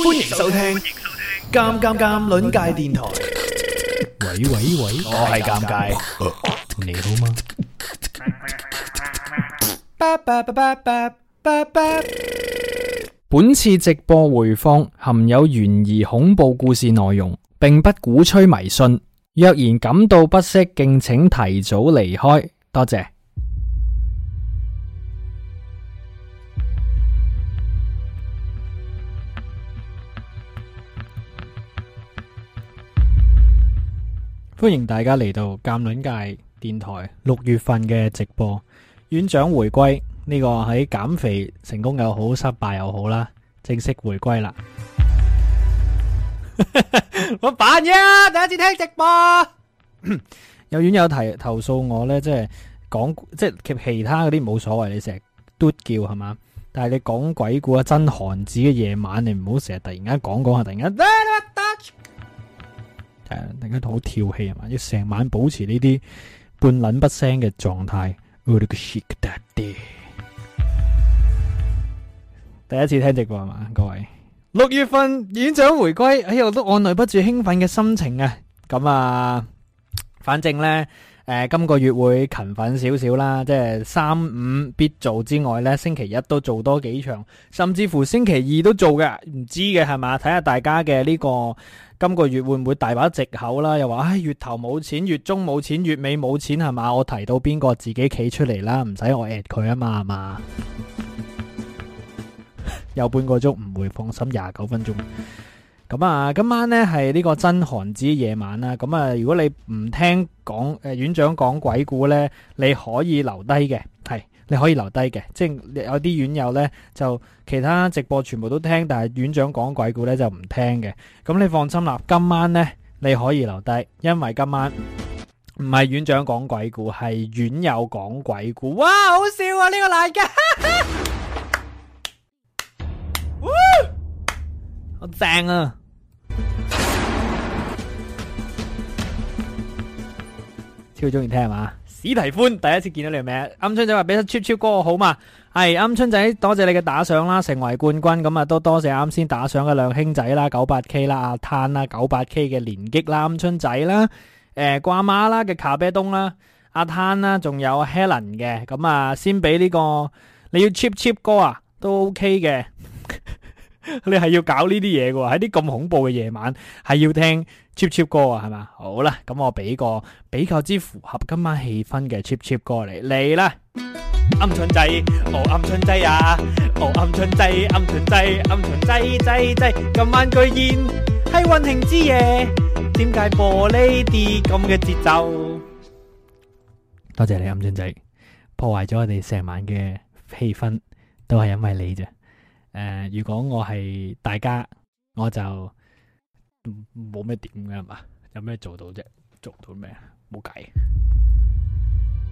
歡迎收聽《尷尷尷》鄰界電台。喂喂喂，喂喂我係尷尬，你好嗎？ 本次直播回放含有懸疑恐怖故事內容，並不鼓吹迷信。若然感到不適，敬請提早離開。多謝。歡迎大家嚟到鑑論界電台六月份嘅直播，院長回歸呢個喺減肥成功又好失敗又好啦，正式回歸啦！ 我扮嘢，第一次聽直播。 有院友提投訴我咧，即係講，即係其其他嗰啲冇所謂，你成日嘟叫係嘛？但係你講鬼故啊，真寒子嘅夜晚，你唔好成日突然間講講下，突然間。誒，大家都好跳氣係嘛？要成晚保持呢啲半撚不聲嘅狀態。第一次聽直播係嘛？各位，六月份演長回歸，哎呀，我都按捺不住興奮嘅心情啊！咁啊，反正呢，誒、呃，今個月會勤奮少少啦，即係三五必做之外呢，星期一都做多幾場，甚至乎星期二都做嘅，唔知嘅係嘛？睇下大家嘅呢、呢個。今個月會唔會大把借口啦？又話唉、哎，月頭冇錢，月中冇錢，月尾冇錢係嘛？我提到邊個自己企出嚟啦，唔使我 at 佢啊嘛，係嘛？有 半個鐘唔會放心廿九分鐘。咁、嗯、啊，今晚呢係呢個真寒子夜晚啦。咁、嗯、啊，如果你唔聽講誒、呃，院長講鬼故呢，你可以留低嘅係你可以留低嘅，即係有啲院友呢就其他直播全部都聽，但係院長講鬼故呢就唔聽嘅。咁你放心啦，今晚呢你可以留低，因為今晚唔係院長講鬼故，係院友講鬼故。哇，好笑啊！呢個嚟嘅，好正啊！超中意聽係嘛？史提歡第一次見到你名，啱、嗯、春仔話俾得 cheap cheap 歌好嘛？係啱、嗯、春仔多謝你嘅打賞啦，成為冠軍咁啊都多謝啱先打賞嘅兩兄仔啦，九八 K 啦阿攤啦九八 K 嘅連擊啦，啱、嗯、春仔啦，誒瓜媽啦嘅卡啤東啦，阿攤啦，仲有 Helen 嘅，咁啊先俾呢、這個你要 cheap cheap 歌啊，都 OK 嘅。 你係要搞呢啲嘢嘅喎，喺啲咁恐怖嘅夜晚，係要聽 cheap cheap 歌啊，係嘛？好啦，咁我俾個比較之符合今晚氣氛嘅 cheap cheap 歌嚟，你咧鵪鶉仔，哦鵪鶉仔啊，哦鵪鶉仔，鵪鶉仔，鵪鶉仔仔仔，今晚居然係運慶之夜，點解播呢啲咁嘅節奏？多謝你鵪鶉仔破壞咗我哋成晚嘅氣氛，都係因為你啫。誒、呃，如果我係大家，我就冇咩點嘅嘛？有咩做到啫？做到咩啊？冇計。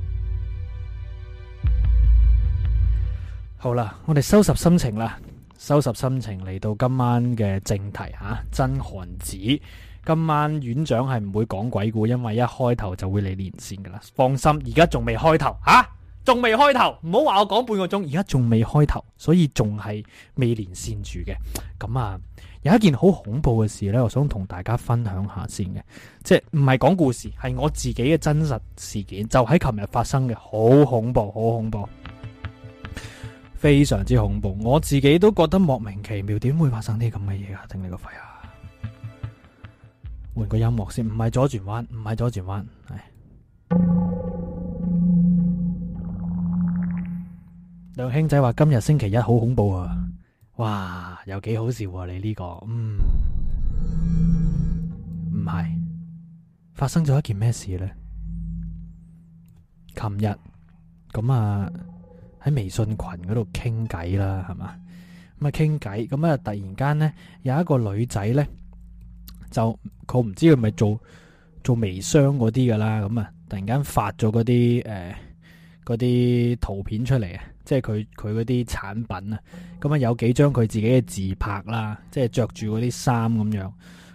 好啦，我哋收拾心情啦，收拾心情嚟到今晚嘅正題吓、啊，真寒子。今晚院長係唔會講鬼故，因為一開頭就會嚟連線噶啦，放心，而家仲未開頭吓。啊仲未開頭，唔好話我講半個鐘，而家仲未開頭，所以仲係未連線住嘅。咁啊，有一件好恐怖嘅事呢，我想同大家分享下先嘅，即係唔係講故事，係我自己嘅真實事件，就喺琴日發生嘅，好恐怖，好恐怖，非常之恐怖，我自己都覺得莫名其妙，點會發生啲咁嘅嘢啊！頂你個肺啊！換個音樂先，唔係左轉彎，唔係左轉彎，係。兩兄弟話今日星期一好恐怖啊！哇，有幾好笑啊！你呢個，嗯，唔係發生咗一件咩事咧？琴日咁啊，喺微信群嗰度傾偈啦，係嘛，咁啊傾偈，咁啊突然間咧有一個女仔咧就佢唔知佢咪做做微商嗰啲噶啦，咁啊突然間發咗嗰啲誒嗰啲圖片出嚟啊！即係佢佢嗰啲產品啊，咁、嗯、啊有幾張佢自己嘅自拍啦，即係着住嗰啲衫咁樣，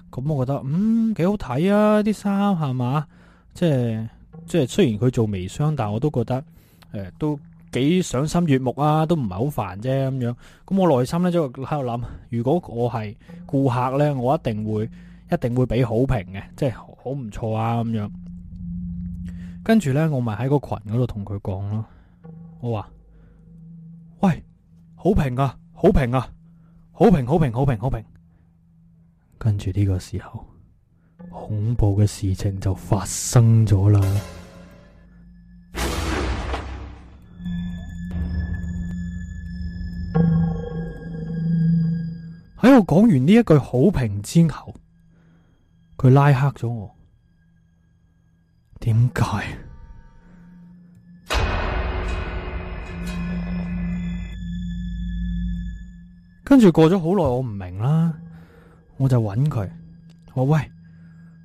咁我覺得嗯幾好睇啊！啲衫係嘛，即係即係雖然佢做微商，但我都覺得誒、呃、都幾賞心悅目啊，都唔係好煩啫咁樣。咁我內心咧就喺度諗，如果我係顧客咧，我一定會一定會俾好評嘅，即係好唔錯啊咁樣。跟住咧，我咪喺個群嗰度同佢講咯，我話。喂，好評啊，好評啊，好評，好評，好評，好評。跟住呢個時候，恐怖嘅事情就發生咗啦。喺、哎、我講完呢一句好評之後，佢拉黑咗我。點解？跟住過咗好耐，我唔明啦，我就搵佢我喂，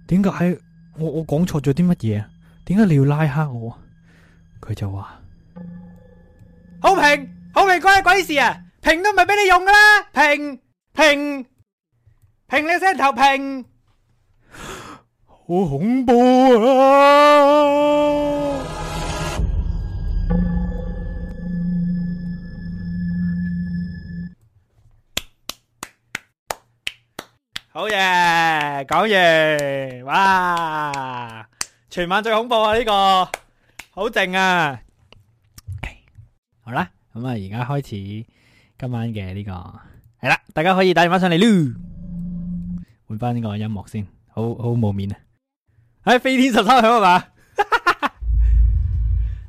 點解我我講錯咗啲乜嘢？點解你要拉黑我？佢就話好平好平關你鬼事啊！平都唔係俾你用噶啦，平平平你聲頭平，好恐怖啊！好嘢，講嘢、oh yeah，哇！全晚最恐怖啊呢個，好靜啊。Okay. 好啦，咁啊，而家開始今晚嘅呢個係啦，大家可以打電話上嚟咯。換翻呢個音樂先，好好冇面啊！喺、哎、飛天十三響啊嘛。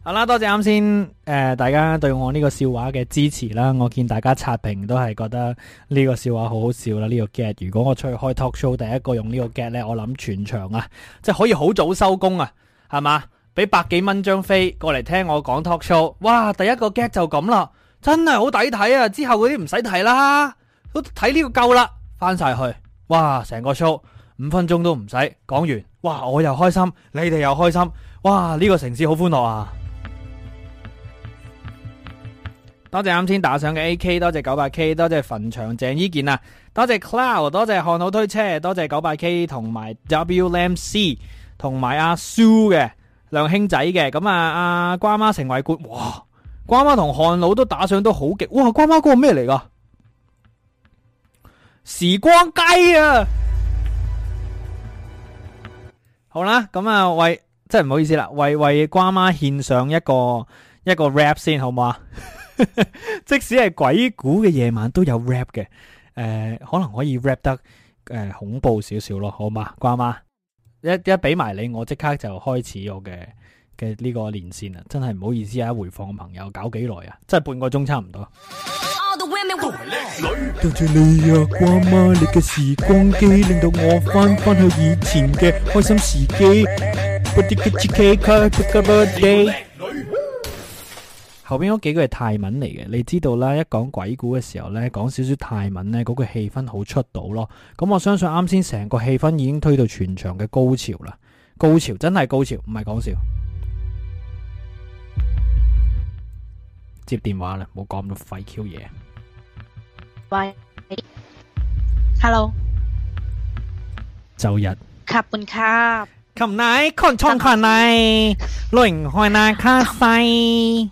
好啦，多謝啱先誒、呃，大家對我呢個笑話嘅支持啦。我見大家刷屏都係覺得呢個笑話好好笑啦。呢個 get，如果我出去開 talk show，第一個用呢個 get 呢，我諗全場啊，即係可以好早收工啊，係嘛？俾百幾蚊張飛過嚟聽我講 talk show，哇！第一個 get 就咁啦，真係好抵睇啊。之後嗰啲唔使睇啦，都睇呢個夠啦，翻晒去。哇！成個 show 五分鐘都唔使講完，哇！我又開心，你哋又開心，哇！呢個城市好歡樂啊！多謝啱先打賞嘅 A K，多謝九八 K，多謝墳場鄭伊健啊，多謝 Cloud，多謝漢佬推車，多謝九八 K 同埋 W M C 同埋阿 Shu 嘅兩兄仔嘅，咁啊阿瓜媽成為冠，哇！瓜媽同漢佬都打賞都好極，哇！瓜媽嗰個咩嚟噶？時光雞啊！好啦，咁啊為真係唔好意思啦，為為瓜媽獻上一個一個 rap 先，好唔好啊？ 即使係鬼故嘅夜晚都有 rap 嘅，誒、呃，可能可以 rap 得誒、呃、恐怖少少咯，好嗎？瓜媽，一一俾埋你，我即刻就開始我嘅嘅呢個連線啦，真係唔好意思啊，回放嘅朋友，搞幾耐啊，真係半個鐘差唔多。後邊嗰幾個係泰文嚟嘅，你知道啦。一講鬼故嘅時候呢，講少少泰文呢，嗰個氣氛好出到咯。咁我相信啱先成個氣氛已經推到全場嘅高潮啦。高潮真係高潮，唔係講笑。接電話啦，冇講咁多廢 Q 嘢。喂，Hello，周日。卡本卡。卡奈，看窗卡奈，累海娜卡西。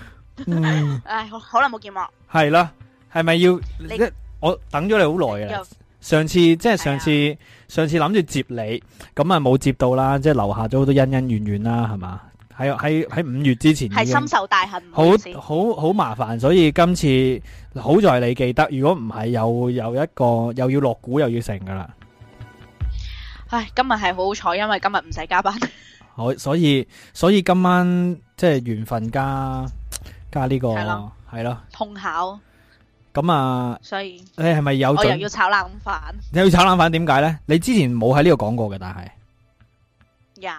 唉、嗯哎，好耐冇見喎係啦。係咪要？你我等咗你好耐啊。上次即係上次，上次諗住、哎、呀接你，咁啊冇接到啦。即係留下咗好多恩恩怨怨啦，係嘛？喺喺喺五月之前係深仇大恨，很好好好麻煩。所以今次好在你記得，如果唔係又有,有一個又要落股又要成噶啦。唉、哎，今日係好彩，因為今日唔使加班。 好，所以所以今晚即係緣分加。加呢個係咯，係咯的，碰巧咁啊，所以你係咪有我又要炒冷飯？你要炒冷飯點解呢？你之前冇喺呢度講過嘅，但係有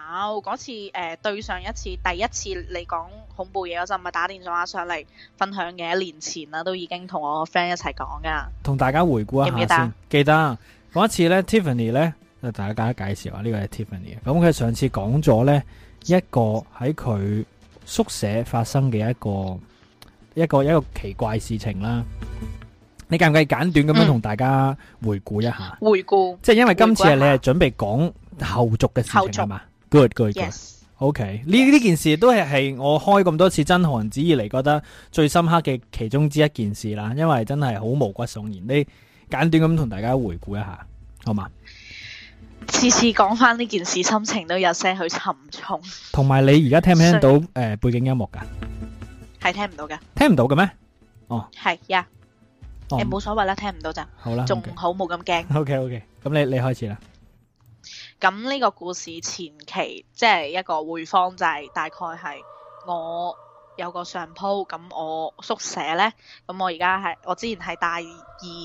嗰次誒、呃，對上一次第一次你講恐怖嘢嗰陣，咪打電話上嚟分享嘅，一年前啊，都已經同我個 friend 一齊講噶，同大家回顧一下先。記,記得嗰次呢 Tiffany 呢，大家介紹下呢個係 Tiffany。咁佢上次講咗呢，一個喺佢。宿舍發生嘅一個一個一個奇怪事情啦，你介唔介意簡短咁樣同大家回顧一下？回顧顧，即係因為今次你係準備講後續嘅事情嘛？Good，good，yes，OK。呢呢件事都係係我開咁多次真寒子以嚟覺得最深刻嘅其中之一件事啦，因為真係好毛骨悚然。你簡短咁同大家回顧一下，好嘛？次次講翻呢件事，心情都有些許沉重。同埋，你而家聽唔聽到誒背景音樂噶？係聽唔到噶？聽唔到嘅咩？哦，係呀，誒、yeah，冇、oh, 欸、所謂啦，聽唔到咋，好啦吧，仲好冇咁驚。O K O K，咁你你開始啦。咁呢個故事前期即係、就是、一個匯方，就係大概係我有個上鋪，咁我宿舍呢，咁我而家係我之前係大二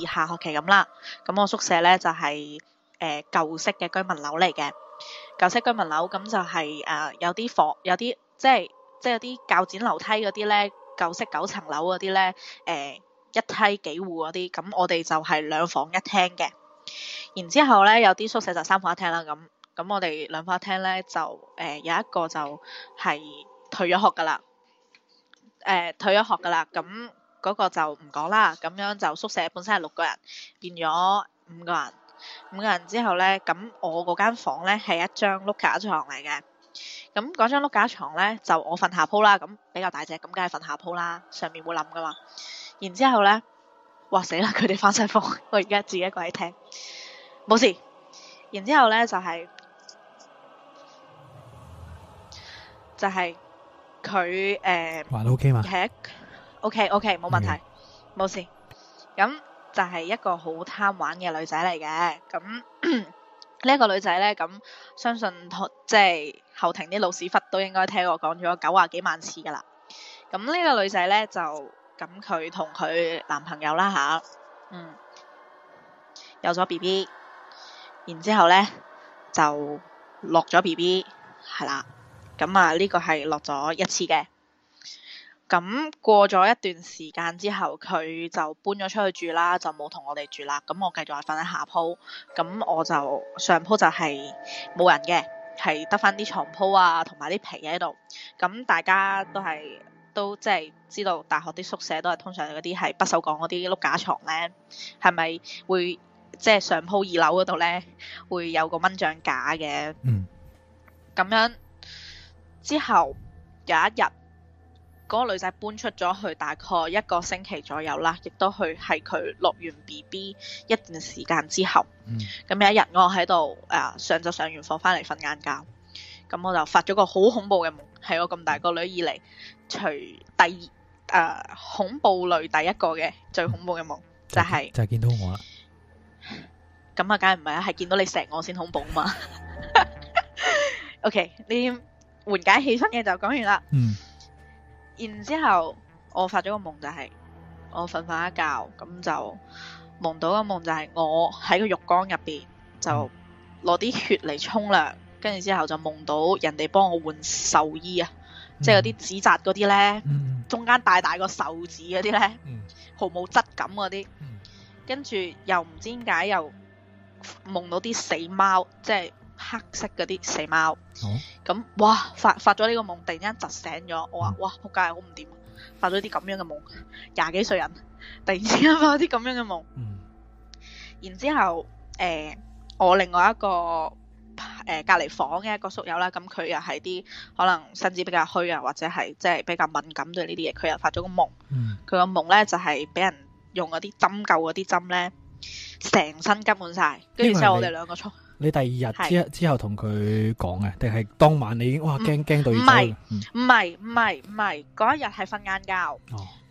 下學期咁啦，咁我宿舍呢，舍就係、是。誒舊式嘅居民樓嚟嘅，舊式居民樓，咁就係、是、誒、呃、有啲房有啲即係即係啲較剪樓梯嗰啲咧，舊式九層樓嗰啲咧，誒一梯幾戶嗰啲咁，我哋就係兩房一廳嘅。然之後咧有啲宿舍就三房一廳啦。咁咁我哋兩房一廳咧就誒、呃、有一個就係退咗學噶啦，誒、呃、退咗學噶啦。咁嗰個就唔講啦。咁樣就宿舍本身係六個人變咗五個人。五個人之後咧，咁我嗰間房咧係一張碌架床嚟嘅。咁嗰張碌架床咧就我瞓下鋪啦，咁比較大隻，咁梗係瞓下鋪啦。上面會冧噶嘛？然之後咧，哇死啦！佢哋翻晒房，我而家自己一個喺廳，冇事。然之後咧就係、是、就係佢誒，話、呃、都 OK 嘛？OK OK OK，冇問題，冇 Okay. 事。咁。就係一個好貪玩嘅女仔嚟嘅，咁呢一個女仔咧，咁相信即係後庭啲老屎忽都應該聽我講咗九啊幾萬次噶啦。咁呢、這個女仔咧就咁佢同佢男朋友啦嚇，啊，嗯，有咗 B B，然之後咧就落咗 B B，係啦，咁啊呢個係落咗一次嘅。咁過咗一段時間之後，佢就搬咗出去住啦，就冇同我哋住啦。咁我繼續係瞓喺下鋪，咁我就上鋪就係冇人嘅，係得翻啲床鋪啊，同埋啲被喺度。咁大家都係都即係知道，大學啲宿舍都係通常有啲係不鏽鋼嗰啲碌架床咧，係咪會即係、就是、上鋪二樓嗰度咧會有個蚊帳架嘅？嗯，咁樣之後有一日。嗰個女仔搬出咗去大概一個星期左右啦，亦都去係佢落完 B B 一段時間之後。咁有、嗯嗯、一日我喺度誒上就上完課翻嚟瞓晏覺，咁、嗯、我就發咗個好恐怖嘅夢，係我咁大個女以嚟除第二誒、呃、恐怖類第一個嘅最恐怖嘅夢，嗯、就係、是、就係見,見到我。咁啊、嗯，梗係唔係啦，係見到你錫我先恐怖嘛。 OK，你緩解氣氛嘅就講完啦。嗯。然之後我發咗個夢就係、是、我瞓瞓一覺咁就夢到個夢就係我喺個浴缸入邊就攞啲血嚟沖涼，跟住之後就夢到人哋幫我換壽衣啊，即係嗰啲紙紮嗰啲呢，中間大大個壽字嗰啲呢，毫冇質感嗰啲，跟住又唔知點解又夢到啲死貓，即係黑色嗰啲死貓。咁、嗯、哇，發發咗呢個夢，突然之間窒醒咗，我話、嗯、哇仆街，好唔掂，發咗啲咁樣嘅夢，廿幾歲人，突然之間發咗啲咁樣嘅夢。嗯、然之後，誒、呃，我另外一個誒、呃、隔籬房嘅一個宿友啦，咁佢又係啲可能身子比較虛啊，或者係即係比較敏感對呢啲嘢，佢又發咗個夢。佢個夢呢，就係、是、俾人用嗰啲針灸嗰啲針呢，成身針滿晒，跟住之後我哋兩個衝。你你第二日之之後同佢講嘅，定係是當晚你已經哇驚驚到要走？唔係唔係唔係唔係，嗰一日係瞓晏覺，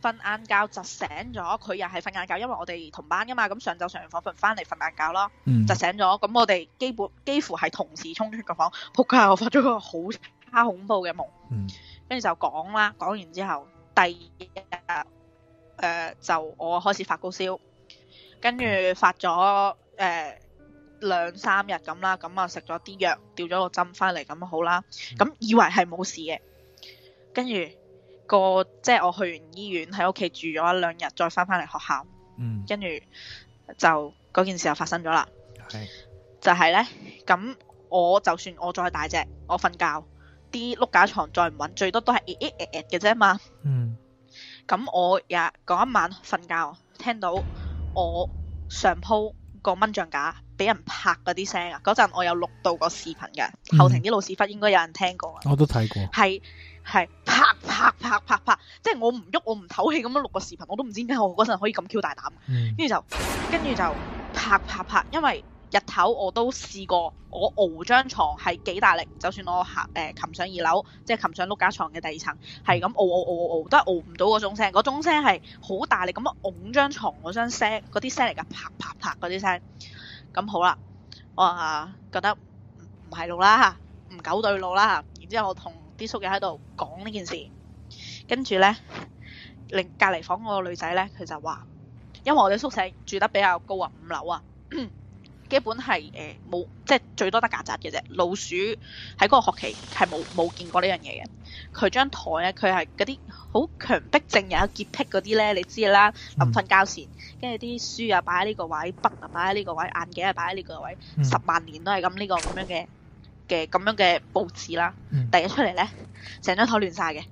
瞓晏、哦、覺就醒咗。佢又係瞓晏覺，因為我哋同班噶嘛。咁上晝上完課瞓翻嚟瞓晏覺咯，嗯、就醒咗。咁我哋基本幾乎係同時衝出個房，扑街、嗯！我發咗個好恐怖嘅夢，跟住、嗯、就講啦。講完之後，第二日誒、呃、就我開始發高燒，跟住發咗誒。呃嗯兩三日咁啦，咁啊食咗啲藥，吊咗個針翻嚟咁好啦。咁以為係冇事嘅，跟住、個即係我去完醫院喺屋企住咗一兩日，再翻返嚟學校，跟住、嗯、就嗰件事就發生咗啦。是就係呢，咁我就算我再大隻，我瞓覺啲碌、嗰個、架床再唔穩，最多都係誒誒誒誒嘅啫嘛。咁、嗯、我也、嗰一晚瞓覺，聽到我上鋪個蚊帳架，俾人拍嗰啲聲啊！嗰陣我有錄到個視頻嘅、嗯、後庭啲老屎忽應該有人聽過啊！我都睇過係係拍拍拍拍拍，即係我唔喐我唔唞氣咁樣錄個視頻，我都唔知點解我嗰陣可以咁 Q 大膽。跟住、嗯、就跟住就拍拍拍，因為日頭我都試過我熬、呃、張床係幾大力，就算我行誒、呃、擒上二樓，即係擒上碌架床嘅第二層，係咁熬熬熬熬都熬唔到嗰種聲。嗰種聲係好大力咁樣拱張床嗰張聲嗰啲聲嚟噶，啪啪啪嗰啲聲。咁好啦，我啊覺得唔係路啦，唔夠對路啦，然之後我同啲宿友喺度講呢件事，跟住呢，另隔離房嗰個女仔呢，佢就話，因為我哋宿舍住得比較高啊，五樓啊。 基本係誒冇，即係最多得曱甴嘅啫。老鼠喺嗰個學期係冇冇見過呢樣嘢嘅。佢張台咧，佢係嗰啲好強迫症又有潔癖嗰啲咧，你知啦。臨瞓覺前，跟住啲書啊擺喺呢個位，筆啊擺喺呢個位，眼鏡啊擺喺呢個位，嗯、十萬年都係咁呢個咁樣嘅嘅咁樣嘅佈置啦。第日出嚟咧，成張台亂晒嘅。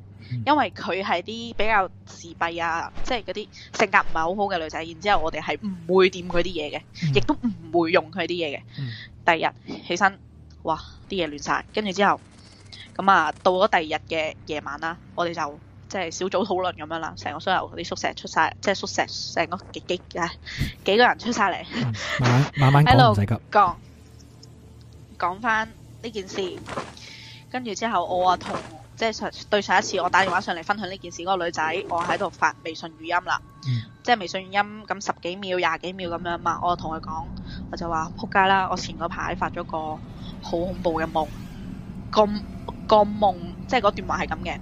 因為佢係啲比較自閉啊，即係嗰啲性格唔係好好嘅女仔，然之後我哋係唔會掂佢啲嘢嘅，亦都唔會用佢啲嘢嘅。嗯、第二日起身，哇，啲嘢亂晒，跟住之後，咁、嗯、啊，到咗第二日嘅夜晚啦，我哋就即係小組討論咁樣啦，成個所有嗰啲宿舍出晒，即係宿舍成個幾幾啊幾，幾個人出晒嚟，嗯，慢慢慢慢講唔使急，講講翻呢件事，跟住之後我啊同、嗯。即係上對上一次我打電話上嚟分享呢件事嗰、嗰個女仔，我喺度發微信語音啦，嗯、即係微信語音咁十幾秒、廿幾秒咁樣嘛，我同佢講，我就話仆街啦，我前個排發咗個好恐怖嘅夢，個個夢即係嗰段話係咁嘅，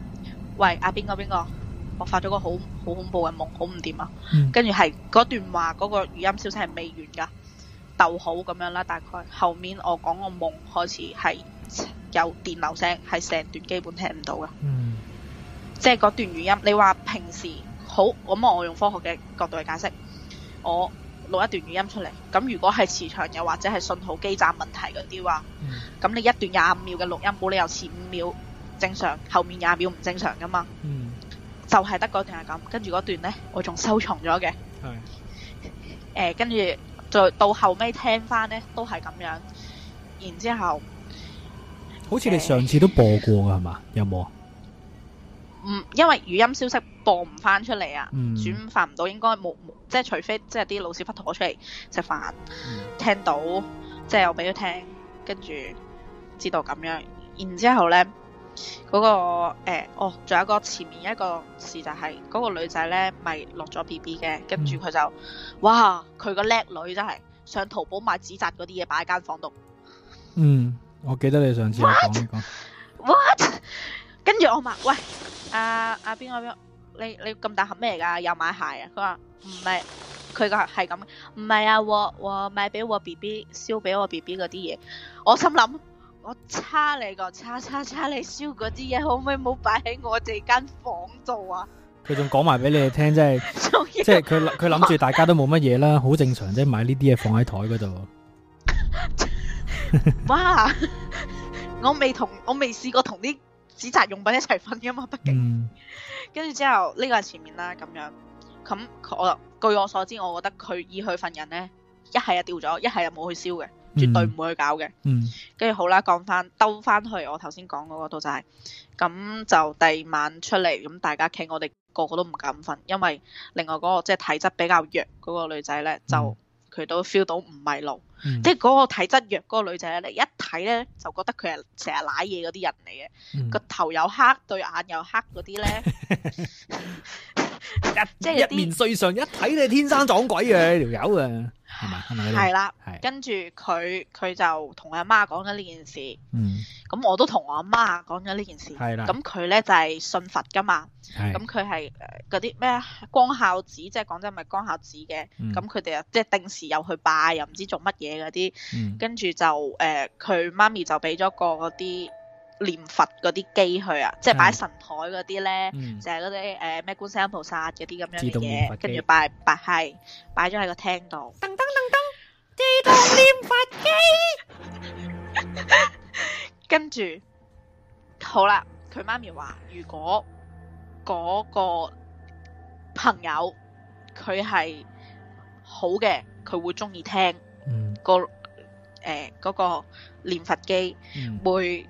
喂阿邊、啊、個邊個，我發咗個好好恐怖嘅夢，好唔掂啊，跟住係嗰段話嗰、嗰個語音消息係未完噶，逗號咁樣啦，大概後面我講個夢開始係。有電流聲，係成段基本聽唔到嘅。嗯，即係嗰段語音。你話平時好咁，我用科學嘅角度去解釋，我錄一段語音出嚟。咁如果係磁場又或者係信號基站問題嗰啲話，咁、嗯、你一段廿五秒嘅錄音，冇理由前五秒正常，後面廿秒唔正常噶嘛。嗯，就係得嗰段係咁。跟住嗰段呢，我仲收藏咗嘅。係的。誒，跟住再到後尾聽翻呢，都係咁樣。然之後。好似你上次都播過噶係嘛？有冇啊？嗯，因為語音消息播唔翻、嗯，就是就是、出嚟啊，轉發唔到，應該冇，即係除非即係啲老師不妥出嚟食飯，聽到即係我俾佢聽，跟住知道咁樣。然之後咧，嗰、那個誒、欸，哦，仲有一個前面一個事就係、是、嗰個女仔咧，咪落咗 B B 嘅，跟住佢就、嗯、哇，佢個叻女真係上淘寶買紙紮嗰啲嘢擺喺間房度，嗯。嗯我記得你上次有講呢個，what？跟住我問，喂，啊、阿阿邊個邊？你你咁大盒咩嚟噶？又買鞋啊？佢話唔係，佢個係咁，唔係啊，我我買俾我 B B 燒俾我 B B 嗰啲嘢。我心諗，我叉你個叉叉叉燒！你燒嗰啲嘢可唔可以冇擺喺我哋間房度啊？佢仲講埋俾你哋聽，真係， 有即係佢佢諗住大家都冇乜嘢啦，好正常即係，買呢啲嘢放喺台嗰度。 哇！我未同我未試過同啲紙紮用品一齊瞓噶嘛，畢竟跟住之後呢、呢個係前面啦，咁樣咁我據我所知，我覺得佢以佢份人呢，一係就掉咗，一係就冇去燒嘅，絕對唔會去搞嘅、嗯。嗯，跟住好啦，講翻兜翻去我頭先講嗰度就係、是、咁就第二晚出嚟，咁大家傾，我哋個個都唔敢瞓，因為另外嗰、嗰個即係體質比較弱嗰個女仔呢，就佢、嗯、都 feel 到唔係路。嗯、即係嗰個體質弱嗰個女仔咧，一睇咧就覺得佢係成日瀨嘢嗰啲人嚟嘅，個、嗯、頭又黑，對眼又黑嗰啲咧。 一即係一面歲上一睇你天生撞鬼，這個、啊，條友啊，係咪？係啦， 跟住佢佢就同阿媽講咗呢件事，咁、嗯、我都同我阿媽講咗呢件事，咁佢咧就係信佛噶嘛，咁佢係嗰啲咩，光孝寺、嗯，即係講真係咪光孝寺嘅，咁佢哋又即係定時又去拜，又唔知做乜嘢嗰啲，嗯、跟住就誒佢、呃、媽咪就俾咗個啲。念佛嗰啲機去啊，即係擺喺神台嗰啲咧，就係嗰啲誒咩觀世音菩薩嗰啲咁樣嘅嘢，跟住擺擺係擺咗喺個廳度。噔噔噔噔，自動念佛機，跟住好啦，佢媽咪話如果嗰個朋友佢係好嘅，佢會中意聽個誒嗰個念佛機會。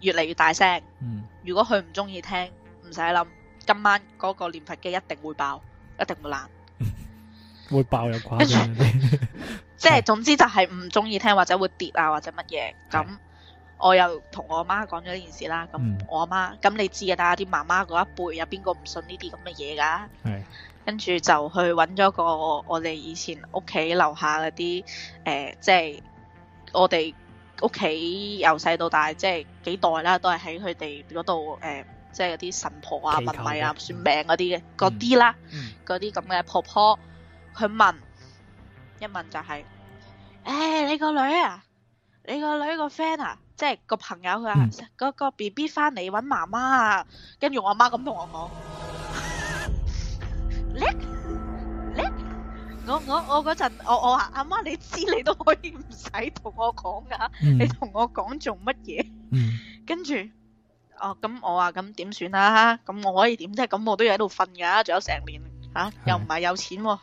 越嚟越大聲。嗯，如果佢唔中意聽，唔使諗，今晚嗰個念佛機一定會爆，一定會爛， 會爆又誇張啲。 即係總之就係唔中意聽或者會跌啊或者乜嘢。咁是我又同我媽講咗呢件事啦。咁、嗯、我媽，咁你知噶啦，大家啲媽媽嗰一輩有邊個唔信呢啲咁嘅嘢噶？係是。跟住就去揾咗個我哋以前屋企樓下嗰啲，誒、呃，即係我哋。屋企由細到大，即係幾代啦，都係喺佢哋嗰度誒，即係嗰啲神婆啊、問米啊、算命嗰啲嗰啲啦，嗰啲咁嘅婆婆，佢問一問就係、是，誒、欸，你個女啊，你個女個 friend 啊，即係個朋友，佢話嗰個 B B 翻嚟搵媽媽啊，媽媽跟住我阿媽咁同我講。 我我我嗰陣我我話阿媽，你知你都可以唔使同我講噶，你同我講做乜嘢？跟住哦，咁我話咁點算呀？咁我可以點即係咁，我都要喺度瞓噶，仲有成年吓，又唔係有錢喎，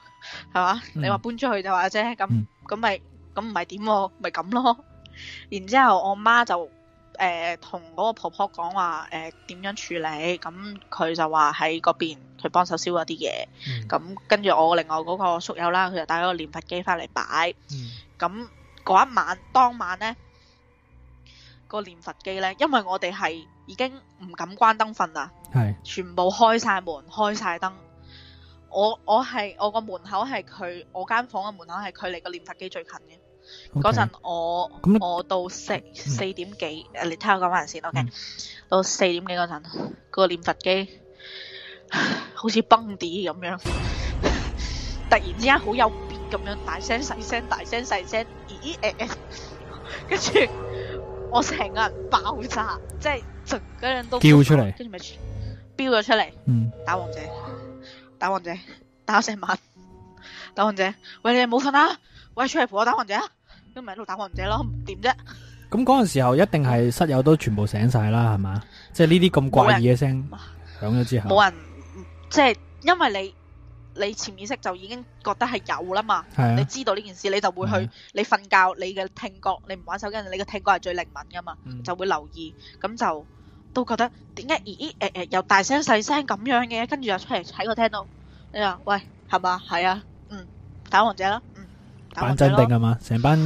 係嘛？你話搬出去就話啫，咁咁咪咁唔係點？咪咁咯？然之後我媽就。誒同嗰個婆婆講話誒點樣處理，咁佢就話喺嗰邊佢幫手燒咗啲嘢，咁、嗯、跟住我另外嗰個宿友啦，佢就帶咗個念佛機翻嚟擺，咁嗰、嗯、一晚當晚呢個念佛機呢，因為我哋係已經唔敢關燈瞓啦，係是全部開晒門開晒燈，我我係我個門口係佢我間房嘅門口係距離個念佛機最近嘅。嗰陣 Okay. 我我到四四點幾誒，嗯、你睇我講完先看看，OK，嗯、到四點幾嗰陣，個念佛機好似蹦迪咁樣， 突然之間好有變咁樣，大聲細聲，大聲細聲，咦誒誒，跟 住我成個人爆炸，即係整個人都飆出嚟，跟住咪飆咗出嚟，嗯打，打王者，打王者，打咗成晚，打王者，喂你冇瞓啦，喂出嚟陪我打王者咁喺度打王者咯，點啫？咁嗰陣時候一定係室友都全部醒晒啦，係嘛？即係呢啲咁怪異嘅聲響咗之後，冇人即係因為你你潛意識就已經覺得係有啦嘛，你知道呢件事，你就會去你瞓覺，你嘅聽覺你唔玩手機，你嘅聽覺係最靈敏噶嘛，就會留意，咁就都覺得點解咦誒誒又大聲細聲咁樣嘅，跟住又出嚟喺個聽到，哎呀喂，係嘛係啊？嗯，打王者咯。板鎮定啊嘛，成班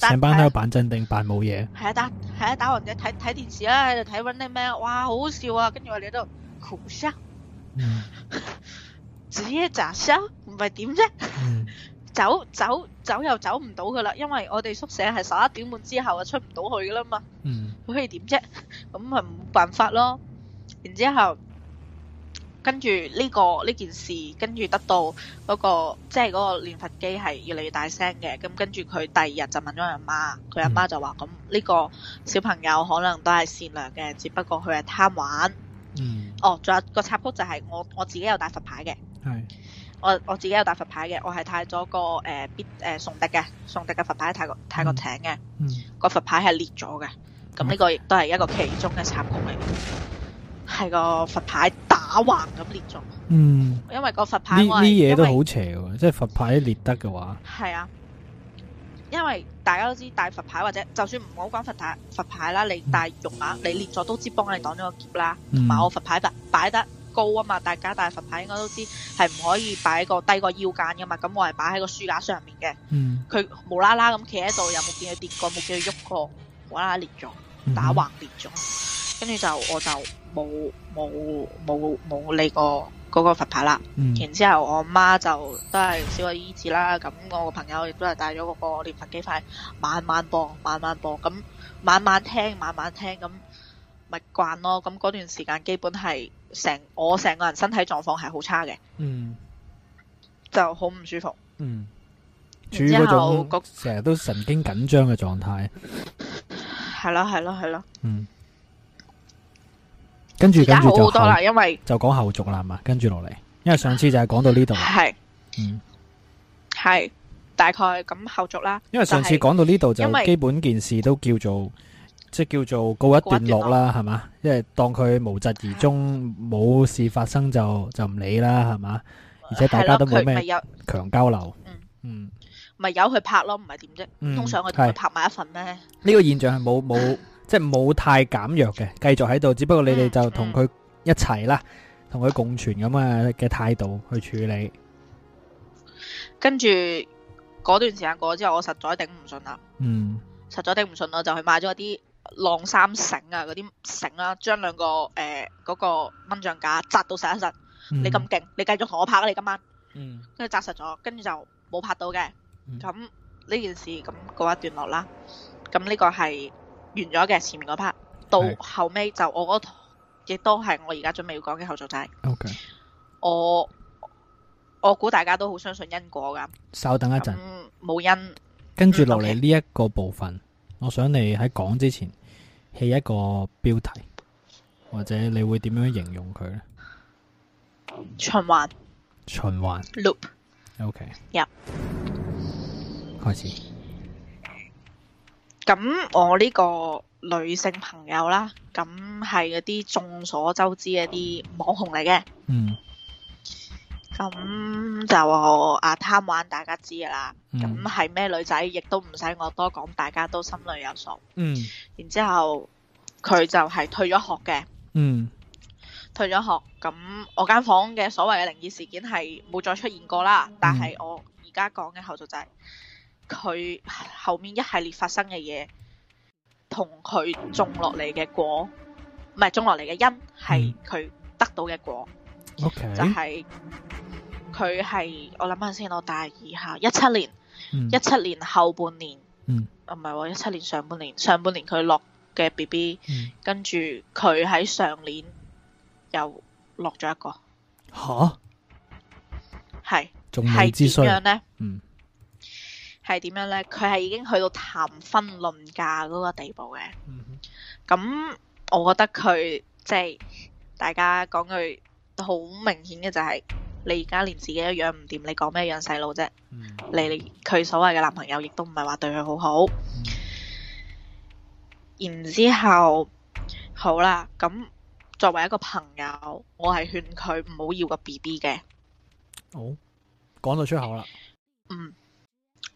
成班喺度板鎮定，扮冇嘢。係啊，打係啊，打王者睇睇電視啦，喺度睇 running man，哇，好好笑啊！跟住我哋喺度，哭「苦笑，嗯，只嘢咋？「收唔係點啫？走走走又走唔到噶啦，因為我哋宿舍係十一點半之後就出唔到去噶啦嘛，嗯，佢可以點啫？咁咪冇辦法咯。然之後。跟住呢、這個呢件事，跟住得到嗰、那個即係嗰個念佛機係越嚟越大聲嘅。咁跟住佢第二日就問咗佢阿媽，佢阿媽就話：咁呢、嗯、個小朋友可能都係善良嘅，只不過佢係貪玩。嗯。哦，仲有個插曲就係我我自己有帶佛牌嘅。係是。我我自己有帶佛牌嘅，我係帶咗個誒、呃、必誒崇、呃、迪嘅崇迪嘅佛牌，泰國泰國請嘅，個、嗯嗯嗯、佛牌係裂咗嘅。咁呢個亦都係一個其中嘅插曲嚟，係個佛牌。打橫咁裂咗，嗯，因為個佛牌呢啲嘢都好邪嘅，即係佛牌裂得嘅話，係啊，因為大家都知帶佛牌或者就算唔好講佛牌佛牌啦，你帶玉馬你裂咗都知幫你擋咗個劫啦，同埋我佛牌佛擺得高啊嘛，大家帶佛牌應該都知係唔可以擺個低過腰間噶嘛，咁我係擺喺個書架上面嘅，嗯，佢無啦啦咁企喺度，又冇見佢跌過，冇見佢喐過，無啦啦裂咗，打橫裂咗。跟住就我就冇冇冇冇理過嗰個佛牌啦，嗯、然之後我媽就都係小有姨治啦，咁我個朋友亦都係帶咗嗰個念佛機，快慢慢播，慢慢播，咁慢慢聽，慢慢聽，咁咪慣咯。咁嗰段時間基本係成我成個人身體狀況係好差嘅，嗯，就好唔舒服，嗯，主要嗰種成日後都神經緊張嘅狀態，係咯係咯係咯，嗯。跟住，跟住就，而家好多啦，因為就講後續啦，係嘛？跟住落嚟，因為上次就係講到呢度啦，係，嗯，係大概咁後續啦。因為上次講到呢度就基本件事都叫做即係叫做告一段落啦，係嘛？因為當佢無疾而終，冇事發生就就唔理啦，係嘛？而且大家都冇咩強交流，嗯，咪由佢拍咯，唔係點啫？通常佢同佢拍埋一份咩？呢個現象係冇冇。即係冇太減弱嘅，繼續喺度，只不過你哋就同佢一齊啦，同佢共存咁啊嘅態度去處理。跟住嗰段時間過咗之後，我實在頂唔順啦，嗯，實在頂唔順啦，就去買咗啲晾衫繩啊，嗰啲繩啦，將兩個誒嗰個蚊帳架紮到實一實。你咁勁，你繼續同我拍啦，你今晚，嗯，跟住紮實咗，跟住就冇拍到嘅。咁呢件事咁告一段落啦。咁呢個係完咗嘅前面嗰 part，到是後尾就我嗰亦都係我而家準備要講嘅後續就係，Okay. 我我估大家都好相信因果㗎。稍等一陣，冇、嗯、因。跟住落嚟呢一個部分，Okay. 我想你喺講之前起一個標題，或者你會點樣形容佢呢？循環。循環。Loop。OK。入 e 開始。咁我呢個女性朋友啦，咁係嗰啲眾所周知嘅一啲網紅嚟嘅。嗯。咁就阿貪玩，大家知噶啦。嗯。咁係咩女仔，亦都唔使我多講，大家都心裏有數。嗯。然之後佢就係退咗學嘅。嗯。退咗學，咁我間房嘅所謂嘅靈異事件係冇再出現過啦。嗯、但係我而家講嘅後續就係。佢後面一系列發生嘅嘢，同佢種落嚟嘅果，唔係種落嚟嘅因，係佢得到嘅果。嗯、就係佢係我諗下先，我大二下，一七年，一七、嗯、年後半年，唔係我一七年上半年，上半年佢落嘅 BB，跟住佢喺上年又落咗一個。吓，係係點樣咧？嗯。係點樣呢？佢係已經去到談婚論嫁嗰個地步嘅。咁、嗯、哼我覺得佢即係大家講句好明顯嘅就係、是，你而家連自己都養唔掂，你講咩養細路啫？嗯、你佢所謂嘅男朋友亦都唔係話對佢好好。嗯、然之後好啦，咁作為一個朋友，我係勸佢唔好要個 BB 嘅。好、哦，講到出口啦。嗯。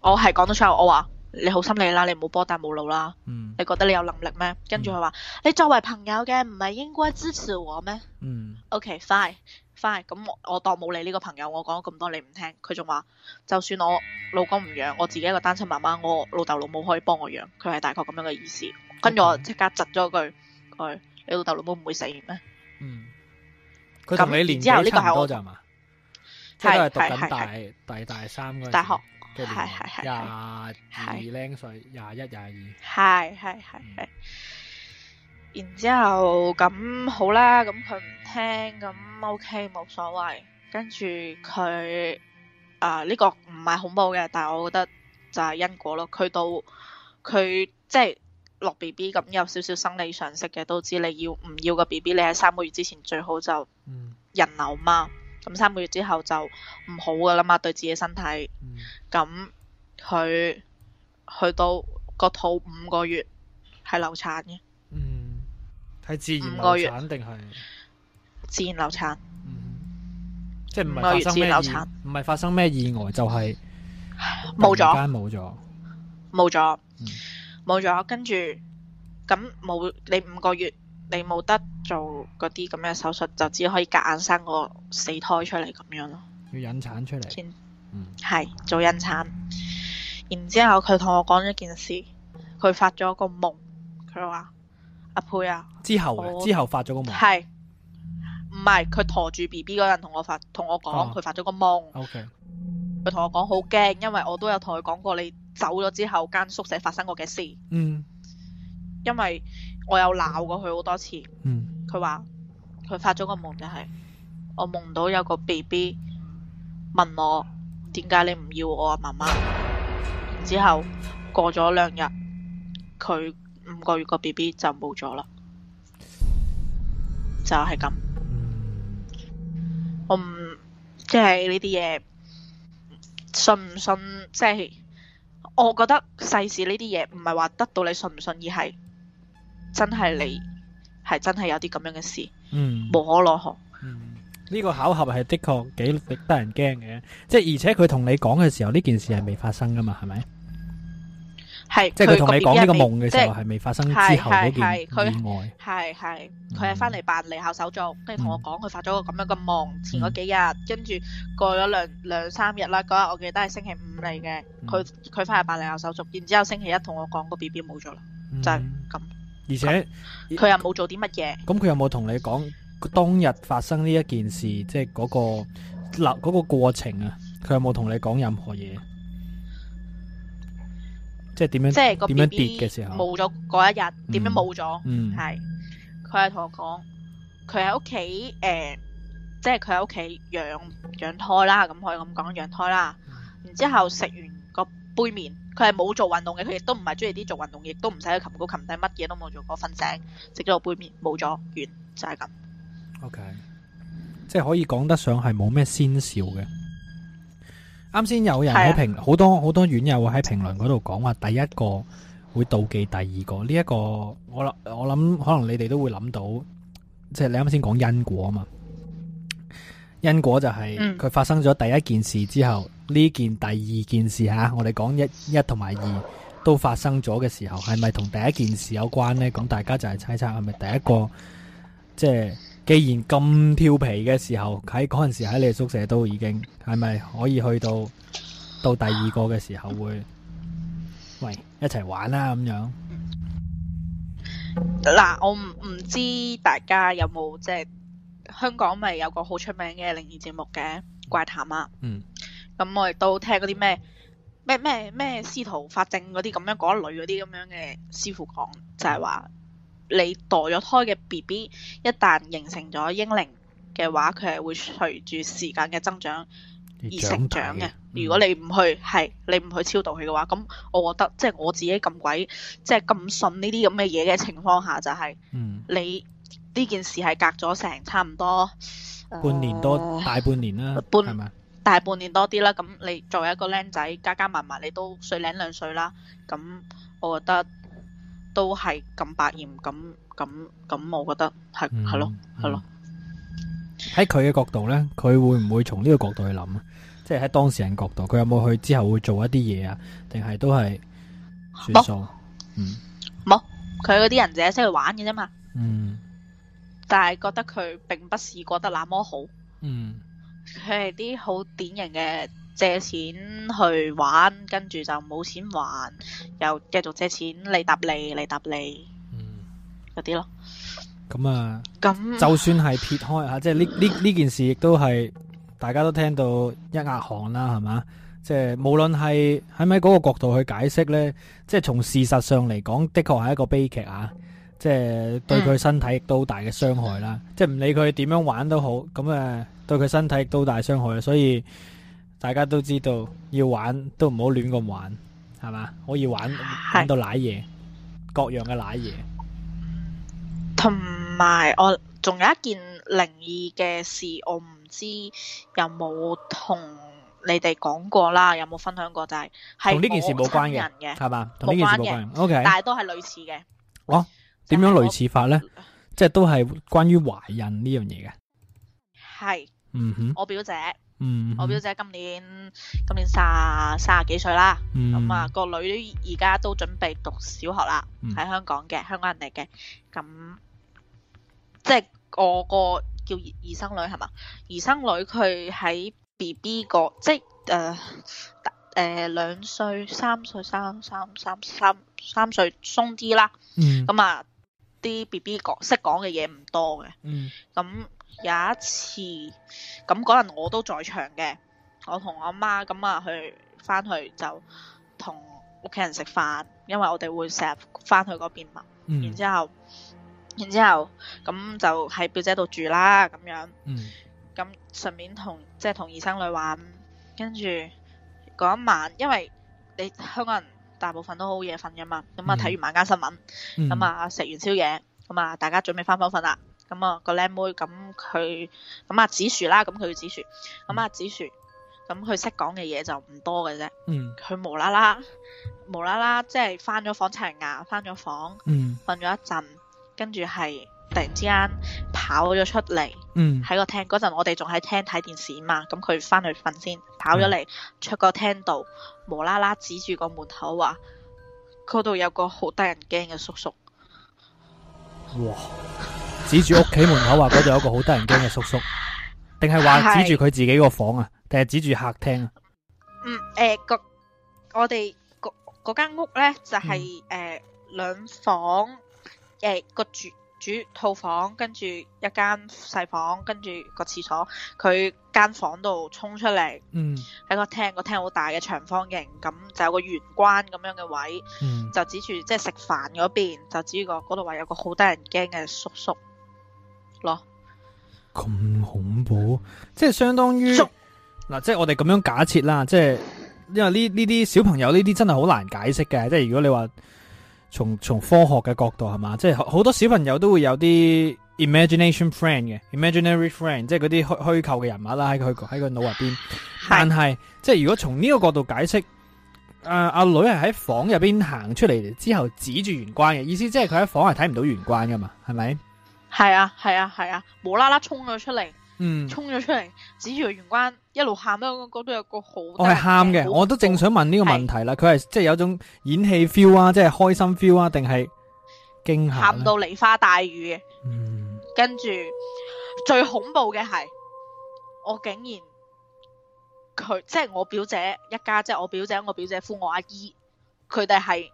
我係講得出，我話你好心你啦，你唔好波但冇腦啦，你覺得你有能力咩？跟住佢話，你作為朋友嘅，唔係應該支持我咩？嗯，OK fine fine，咁我我當冇你呢個朋友，我講咁多你唔聽。佢仲話，就算我老公唔養，我自己一個單親媽媽，我老豆老母可以幫我養。佢係大概咁樣嘅意思。跟住我即刻窒咗句佢，你老豆老母唔會死咩？嗯，佢同你年紀差唔多啫嘛，係係係，大大大三嘅大學。係係係廿二零歲廿一廿二係係係係，然之後咁好啦，咁佢唔聽咁 OK 冇所謂，跟住佢啊呢個唔係恐怖嘅，但係我覺得就係因果咯。佢到佢即係落 BB 咁有少少生理常識嘅都知你要唔要個 BB，你喺三個月之前最好就人流嘛。嗯咁三個月之後就唔好噶啦嘛，對自己身體。咁佢、嗯、去到個肚五個月係流產嘅。嗯，係自然流產定係？自然流產。嗯，即係唔係發流發生咩？唔係發生咩意外？就係冇咗，間冇咗，冇咗，冇咗、嗯，跟住咁冇你五個月。你冇得做嗰啲咁嘅手術，就只可以夾硬生個死胎出嚟咁樣咯。要引產出嚟，嗯，係做引產。然之後佢同我講一件事，佢發咗個夢，佢話阿佩啊，之後、啊、我之後發咗個夢，係唔係佢陀住 B B 嗰陣同我發，同我講佢、哦、發咗個夢。佢同 Okay，我講好驚，因為我都有同佢講過你走咗之後間宿舍發生過嘅事。嗯，因為。我有鬧過佢好多次，嗯，佢話佢發咗個夢，就係我夢到有個 B B 問我點解你唔要我啊媽媽。之後過咗兩日，佢五個月個 B B 就冇咗啦，就係咁。我唔即係呢啲嘢信唔信？即係我覺得世事呢啲嘢唔係話得到你信唔信，而係。真係你係真係有啲咁樣嘅事，嗯，無可奈何。嗯，呢個巧合係的確幾得人驚嘅，即係而且佢同你講嘅時候，呢件事係未發生噶嘛？係咪？係，即係佢同你講呢個夢嘅時候，係未發生之後嗰件意外。係係，佢係翻嚟辦離校手續，跟住同我講，佢發咗個咁樣嘅夢。前嗰幾日，跟住過咗兩兩三日啦。嗰日我記得係星期五嚟嘅，佢佢翻嚟辦離校手續，然之後星期一同我講個 B B 冇咗啦，就係咁。嗯而且佢又冇做啲乜嘢。咁佢有冇同你講當日發生呢一件事，即係嗰個嗱嗰個過程啊？佢有冇同你講任何嘢？即係點樣？即係點樣跌嘅時候？冇咗嗰一日，點樣冇咗？嗯，嗯，係。佢係同我講，佢喺屋企誒，即係佢喺屋企養養胎啦，咁可以咁講養胎啦。然之後食完。杯麵，佢係冇做運動嘅，佢亦都唔係中意啲做運動，亦都唔使去擒高擒低，乜嘢都冇做過。我瞓醒，食咗杯麵，冇咗，完就係、是、咁。O、okay. K，即係可以講得上係冇咩先兆嘅。啱先有人喺評好多好多院友喺評論嗰度講話，第一個會妒忌第二個呢一、這個我我諗可能你哋都會諗到，即係你啱先講因果啊嘛。因果就係佢發生咗第一件事之後，呢、嗯、件第二件事吓，我哋講一一同埋二都發生咗嘅時候，係咪同第一件事有關呢？咁大家就係猜測，係咪第一個，即係既然咁調皮嘅時候喺嗰陣時喺你哋宿舍都已經，係咪可以去到到第二個嘅時候會，喂一齊玩啦、啊、咁樣。嗱，我唔唔知大家有冇即係。香港咪有個好出名嘅靈異節目嘅《怪談》啊，嗯，咁我亦都聽嗰啲咩咩咩咩司徒法正嗰啲咁樣嗰一類嗰啲咁樣嘅師傅講，就係話你墮咗胎嘅 BB 一旦形成咗嬰靈嘅話，佢係會隨住時間嘅增長而成長嘅。長嗯，如果你唔去係你唔去超度佢嘅話，咁我覺得即係我自己咁鬼即係咁信呢啲咁嘅嘢嘅情況下，就係，嗯，你。呢件事係隔咗成差唔多半年多、呃、大半年啦，係咪半吧大半年多啲啦？咁你作為一個僆仔，加加埋埋，你都歲零兩歲啦。咁我覺得都係咁百厭，咁咁咁，我覺得係係、嗯、咯，係咯。喺佢嘅角度呢，佢會唔會從呢個角度去諗啊？即係喺當事人角度，佢有冇去之後會做一啲嘢啊？定係都係，算數，冇沒，嗯，冇。佢嗰啲人淨係識去玩嘅啫嘛，嗯。但係覺得佢並不是覺得那麼好，佢係啲好典型嘅借錢去玩，跟住就冇錢還，又繼續借錢利搭你，利搭你，嗰啲、嗯、咯。咁、嗯嗯、啊，咁就算係撇開吓，即係呢呢呢件事亦都係大家都聽到一額汗啦，係嘛？即係無論係喺咪嗰個角度去解釋呢，即係從事實上嚟講，的確係一個悲劇啊！即係對佢身體亦都好大嘅傷害啦，即係唔理佢點樣玩都好，咁誒對佢身體亦都好大傷害，所以大家都知道要玩都唔好亂咁玩，係嘛？可以玩玩到瀨嘢，各樣嘅瀨嘢。同埋我仲有一件靈異嘅事，我唔知有冇同你哋講過啦，有冇分享過？就係係我親人嘅，係嘛？同呢件事冇關嘅，O K，但係都係類似嘅。點樣類似法咧？即係都係關於懷孕呢樣嘢嘅，係是嗯哼，我表姐，嗯哼，我表姐今年今年卅卅幾歲啦，咁啊、嗯、個女而家都準備讀小學啦，喺、嗯、香港嘅香港人嚟嘅，咁即係我個叫兒生女係嘛？兒生女佢喺 B B 個即係誒誒兩歲三歲三三三三三歲鬆啲啦，咁啊。嗯嗯啲 B B 講，識講嘅嘢唔多嘅，嗯，咁、嗯、有一次，咁嗰陣我都在場嘅，我同我阿媽咁啊去翻去就同屋企人食飯，因為我哋會成日翻去嗰邊嘛，然之後，然之後，咁就喺表姐度住啦咁樣嗯，咁順便同即係同二生女玩，跟住一晚，因為你香港人。大部分都好夜瞓㗎嘛，咁啊睇完晚間新聞，咁啊食完宵夜，咁啊大家準備翻房瞓啦。咁啊個靚妹，咁佢咁啊紫薯啦，咁佢叫紫薯，咁啊紫薯，咁佢識講嘅嘢，就唔多嘅啫。佢無啦啦，無啦啦，即係翻咗房刷牙，翻咗房，瞓咗一陣，跟住係。突然之間跑咗出嚟，喺、嗯、個廳嗰陣，我哋仲喺廳睇電視嘛。咁佢翻去瞓先，跑咗嚟出個廳度，嗯、無啦啦指住個門口話，嗰度有個好得人驚嘅叔叔。哇！指住屋企門口話，嗰度有個好得人驚嘅叔叔，定係話指住佢自己個房啊？定係指住客廳啊？嗯，誒、呃，個我哋嗰嗰間屋咧就係誒兩房，誒、呃、個住。主套房跟住一間細房，跟住個廁所，佢間房度衝出嚟，喺、嗯、個廳，個廳好大嘅長方形，咁就有個玄關咁樣嘅位，嗯、就指住即係食飯嗰邊，就指住個嗰度話有個好得人驚嘅叔叔咯，咁恐怖，即係相當於嗱， 即係我哋咁樣假設啦，即係因為呢呢啲小朋友呢啲真係好難解釋嘅，即係如果你話。從從科學嘅角度係嘛、就是是，即係好多小朋友都會有啲 imagination friend 嘅 imaginary friend，即係嗰啲虛虛構嘅人物啦，喺佢喺個腦入邊。但係即係如果從呢個角度解釋，誒、呃、阿女係喺房入邊行出嚟之後指住玄關嘅意思，即係佢喺房係睇唔到玄關噶嘛，係咪、啊？係啊係啊係啊，無啦啦衝咗出嚟，嗯，衝咗出嚟指住玄關。一路喊啦，我覺得有個好。我係喊嘅，我都正想問呢個問題啦。佢係即係有種演戲 feel 啊，即係開心 feel 啊，定係驚嚇，喊到梨花帶雨嘅，嗯、跟住最恐怖嘅係，我竟然佢即係我表姐一家，即係我表姐、我表姐夫、我阿姨，佢哋係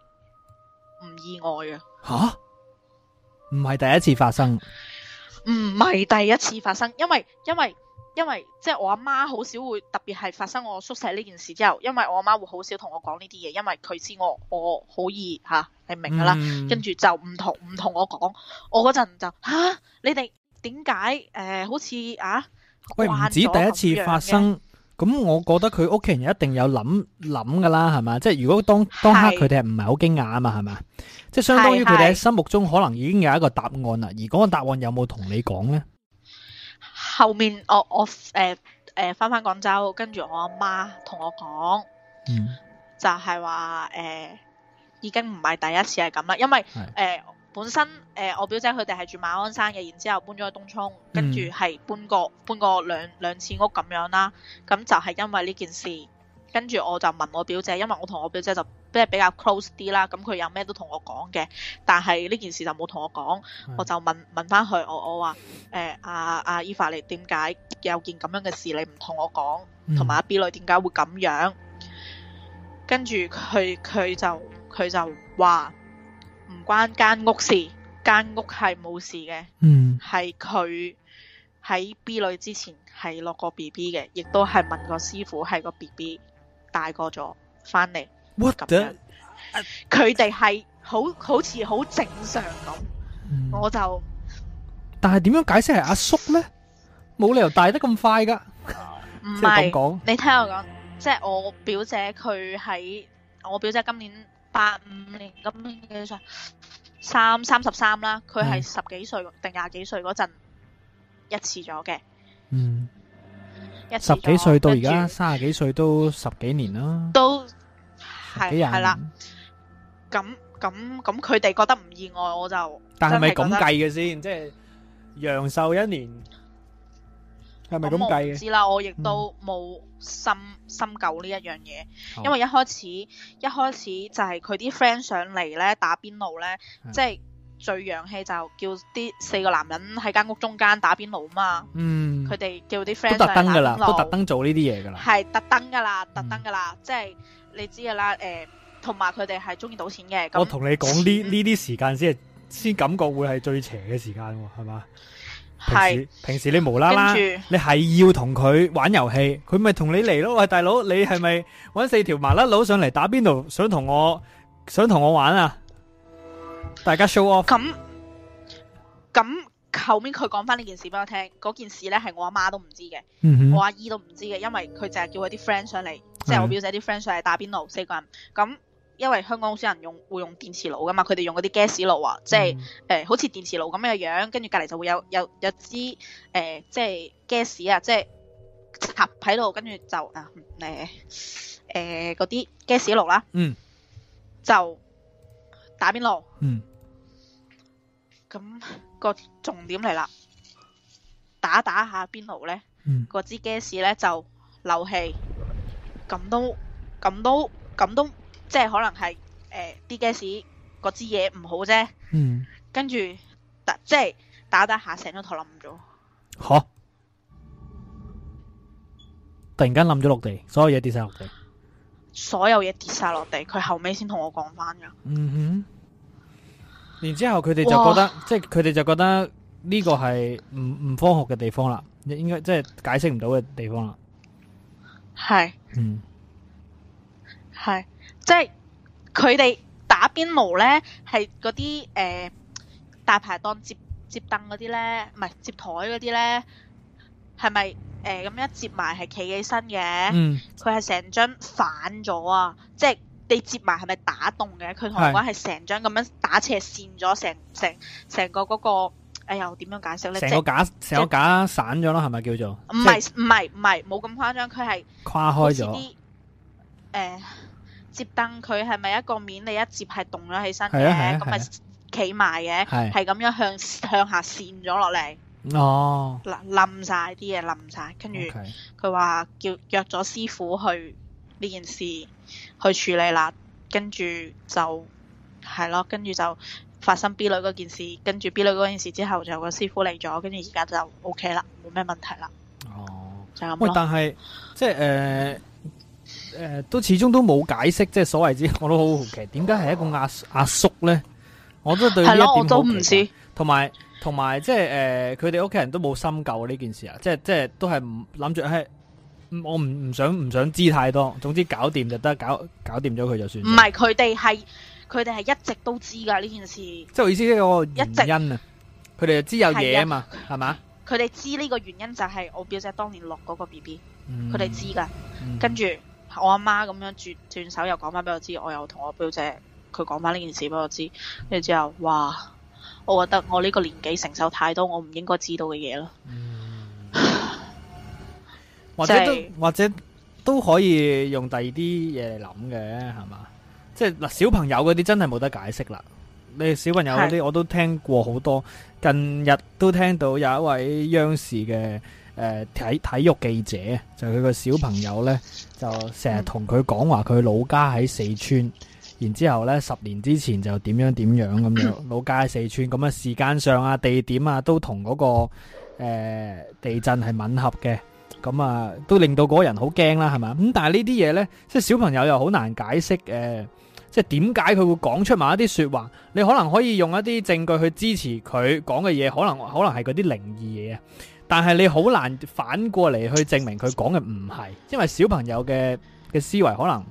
唔意外啊。吓，唔係第一次發生，唔係第一次發生，因為因為。因為即係我阿媽好少會特別係發生我宿舍呢件事之後，因為我阿媽會好少同我講呢啲嘢，因為佢知我我好易嚇，你明噶啦，嗯、跟住就唔同唔同我講。我嗰陣就吓，你哋點解誒好似啊？呃、啊喂，唔止第一次發生，咁我覺得佢屋企人一定有諗諗噶啦，係嘛？即係如果當當刻佢哋係唔係好驚訝啊嘛，係嘛？即係相當於佢哋喺心目中可能已經有一個答案啦，而嗰個答案有冇同你講咧？後面我我誒誒返返廣州，跟住我阿媽同我講，嗯，就係話誒已經唔係第一次係咁啦，因為誒、呃、本身誒、呃、我表姐佢哋係住馬鞍山嘅，然之後搬咗去東涌，跟住係搬過搬過兩兩次屋咁樣啦，咁就係因為呢件事。跟住我就問我表姐，因為我同我表姐就即係比較 close 啲啦。咁佢有咩都同我講嘅，但係呢件事就冇同我講。是的 我就問問翻佢，我我話誒阿阿 Eva，你點解有件咁樣嘅事，你唔同我講？同埋阿 B 女點解會咁樣？嗯、跟住佢佢就佢就話唔關間屋事，間屋係冇事嘅。嗯，係佢喺 B 女之前係落過 B B 嘅，亦都係問過師傅係個 B B。大個咗翻嚟，佢哋係好好似好正常咁，嗯、我就。但係點樣解釋係阿叔咧？冇理由大得咁快噶，唔 係是。 你聽我講，即係、嗯、我表姐佢喺我表姐今年八五年，今年幾歲？三三十三啦，佢係十幾歲定廿幾歲嗰陣一次咗嘅。嗯。十幾歲到而家，三十幾歲都十幾年啦。都係係啦。咁咁咁，佢哋覺得唔意外，我就但係咪咁計嘅先？嗯、即係陽壽一年係咪咁計嘅？是啦，嗯，我亦都冇深、嗯、深究呢一樣嘢，因為一開始一開始就係佢啲 friend 上嚟咧打邊爐咧，即係、嗯。就是最洋氣就叫啲四個男人喺間屋中間打邊爐嘛，嗯，佢哋叫啲 friend 都特登噶啦，都特登做呢啲嘢噶啦，係特登噶啦，特登噶啦，即係你知噶啦，誒，同埋佢哋係中意賭錢嘅。咁我同你講呢呢啲時間先係，先感覺會係最邪嘅時間，係嘛？係，平時平時你無啦啦，你係要同佢玩遊戲，佢咪同你嚟咯？喂，大佬，你係咪揾四條麻甩佬上嚟打邊爐？想同我想同我玩啊？大家 show 我咁，咁後面佢講翻呢件事俾我聽，嗰件事咧係我阿媽都唔知嘅，嗯、哼我阿姨都唔知嘅，因為佢淨係叫佢啲 friend 上嚟，即係我表姐啲 friend 上嚟打邊爐四個人。咁因為香港好少人用會用電磁爐噶嘛，佢哋用嗰啲 gas 爐啊，即係誒、嗯欸、好似電磁爐咁嘅樣，跟住隔籬就會有有有，有一支誒、呃、即係 gas 即啊，即係插喺度，跟住就啊誒誒嗰啲 gas 爐啦，呃、爐爐爐嗯就。打邊爐，嗯，咁個重點嚟啦，打打下邊爐咧，嗯，嗰支 gas 咧就漏氣，咁都咁都咁都，即係可能係誒啲 gas 嗰支嘢唔好啫，嗯，跟住即係打打下成個台冧咗，吓、啊，突然間冧咗落地，所有嘢跌晒落地，所有嘢跌晒落地，佢後尾先同我講翻噶，嗯哼。然之後佢哋就覺得，哇即係佢哋就覺得呢個係唔唔科學嘅地方啦，應該即係解釋唔到嘅地方啦。係是，嗯，係，即係佢哋打邊爐咧，係嗰啲誒大排檔摺摺凳嗰啲咧，唔係摺枱嗰啲咧，係咪誒咁樣摺埋係企起身嘅？嗯，佢係成張反咗啊！即係。你接埋係咪打動嘅？佢同我講，係成張咁樣打斜線咗，成成成個嗰、嗰個，哎呀，點樣解釋咧？成個架，成即個架散咗咯，係咪叫做？唔係唔係唔係，冇咁誇張，佢係跨開咗啲。誒、呃，接凳佢係咪一個面？你一接係動咗起身嘅，咁咪企埋嘅，係咁、啊啊啊、樣，樣向向下斜咗落嚟。哦，冧晒啲嘢，冧晒，跟住佢話叫約咗師傅去。呢件事去處理啦，跟住就係咯，跟住就發生 B 女嗰件事，跟住 B 女嗰件事之後就有個師傅嚟咗，跟住而家就 OK 啦，冇咩問題啦。哦，就咁咯。喂，但係即係誒誒，都、呃呃、始終都冇解釋，即係所謂之，我都好好奇點解係一個阿、哦、阿叔咧？我都對呢一點好奇。係咯，我都唔知。同埋同埋，即係誒，佢哋屋企人都冇深究呢件事啊！即係即係，都係唔諗住係。我唔唔想唔想知太多，總之搞掂就得，搞搞掂咗佢就算。唔係佢哋係佢哋係一直都知噶呢件事。即係意思咧，哦、一直因啊，佢哋就知有嘢啊嘛，係嘛？佢哋知呢個原因就係我表姐當年落嗰個 BB，佢哋知噶。嗯、跟住我阿媽咁樣轉轉手又講翻俾我知，我又同我表姐佢講翻呢件事俾我知。跟住之後，哇！我覺得我呢個年紀承受太多我唔應該知道嘅嘢咯。嗯或者都、就是、或者都可以用第二啲嘢嚟諗嘅，係嘛？即係嗱，小朋友嗰啲真係冇得解釋啦。你小朋友嗰啲我都聽過好多，是近日都聽到有一位央視嘅誒、呃、體體育記者，就佢、是、個小朋友呢，就成日同佢講話佢老家喺四川，嗯、然之後呢十年之前就點樣點樣咁樣。 老家喺四川咁啊，時間上啊、地點啊，都同嗰、那個誒、呃、地震係吻合嘅。咁啊，都令到嗰個人好驚啦，係嘛？咁、嗯、但係呢啲嘢呢，即係小朋友又好難解釋嘅、呃，即係點解佢會講出埋一啲說話？你可能可以用一啲證據去支持佢講嘅嘢，可能可能係嗰啲靈異嘢。但係你好難反過嚟去證明佢講嘅唔係，因為小朋友嘅嘅思維可能、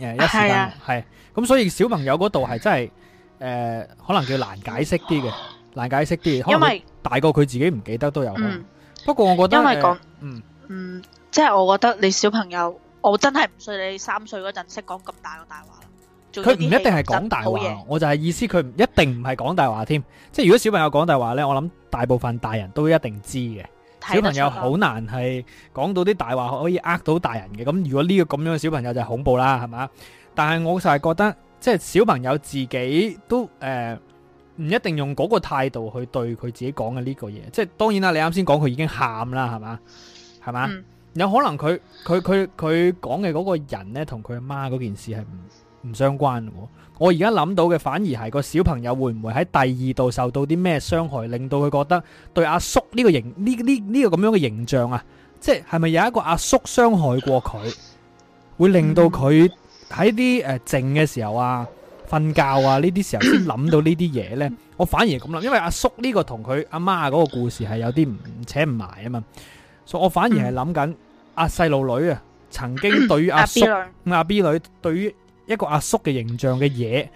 呃、一時間係咁，啊、所以小朋友嗰度係真係誒、呃，可能叫難解釋啲嘅，難解釋啲。可能過可能因為大個佢自己唔記得都有。不過我覺得，因為講，嗯、呃、嗯，即係我覺得你小朋友，嗯、我真係唔信你三歲嗰陣識講咁大個大話啦。佢唔一定係講大話，我就係意思佢唔一定唔係講大話添。 即係如果小朋友講大話咧，我諗大部分大人都一定知嘅。小朋友好難係講到啲大話可以呃到大人嘅。咁如果呢個咁樣嘅小朋友就恐怖啦，係咪？但係我就係覺得，即係小朋友自己都誒。呃唔一定用嗰個態度去對佢自己講嘅呢個嘢，即係當然啦。你啱先講佢已經喊啦，係嘛？係嘛。嗯、有可能佢佢佢佢講嘅嗰個人呢，同佢阿媽嗰件事係唔唔相關，我而家諗到嘅反而係個小朋友會唔會喺第二度受到啲咩傷害，令到佢覺得對阿叔呢、這個形呢呢呢個咁樣嘅形象啊，即係係咪有一個阿叔傷害過佢，會令到佢喺啲誒靜嘅時候啊？瞓覺啊！呢啲時候先諗到呢啲嘢，呢，我反而咁諗，因為阿叔呢個同佢阿媽嗰個故事係有啲唔扯唔埋啊嘛，所以我反而係諗緊阿細路女啊，曾經對於阿叔咁，阿 B 女對於一個阿叔嘅形象嘅嘢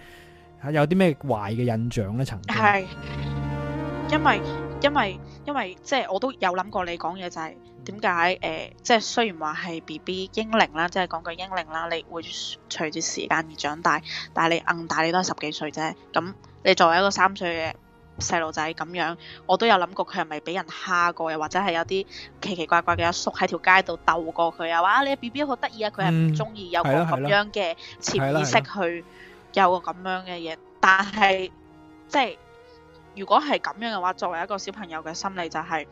啊，有啲咩壞嘅印象呢？曾經係，因為因為因為即係我都有諗過你講嘢就係。點解？誒、呃，即係雖然話係 B B 嬰靈啦，即係講句嬰靈啦，你會隨住時間而長大，但係你硬大你都係十幾歲啫。咁你作為一個三歲嘅細路仔咁樣，我都有諗過佢係咪俾人蝦過，又或者係有啲奇奇怪怪嘅阿叔喺條街度鬥過佢啊？哇！你 B B 好得意啊，佢係唔中意有個咁樣嘅潛意識，去有個咁樣嘅嘢，但係即係如果係咁樣嘅話，作為一個小朋友嘅心理就係、是、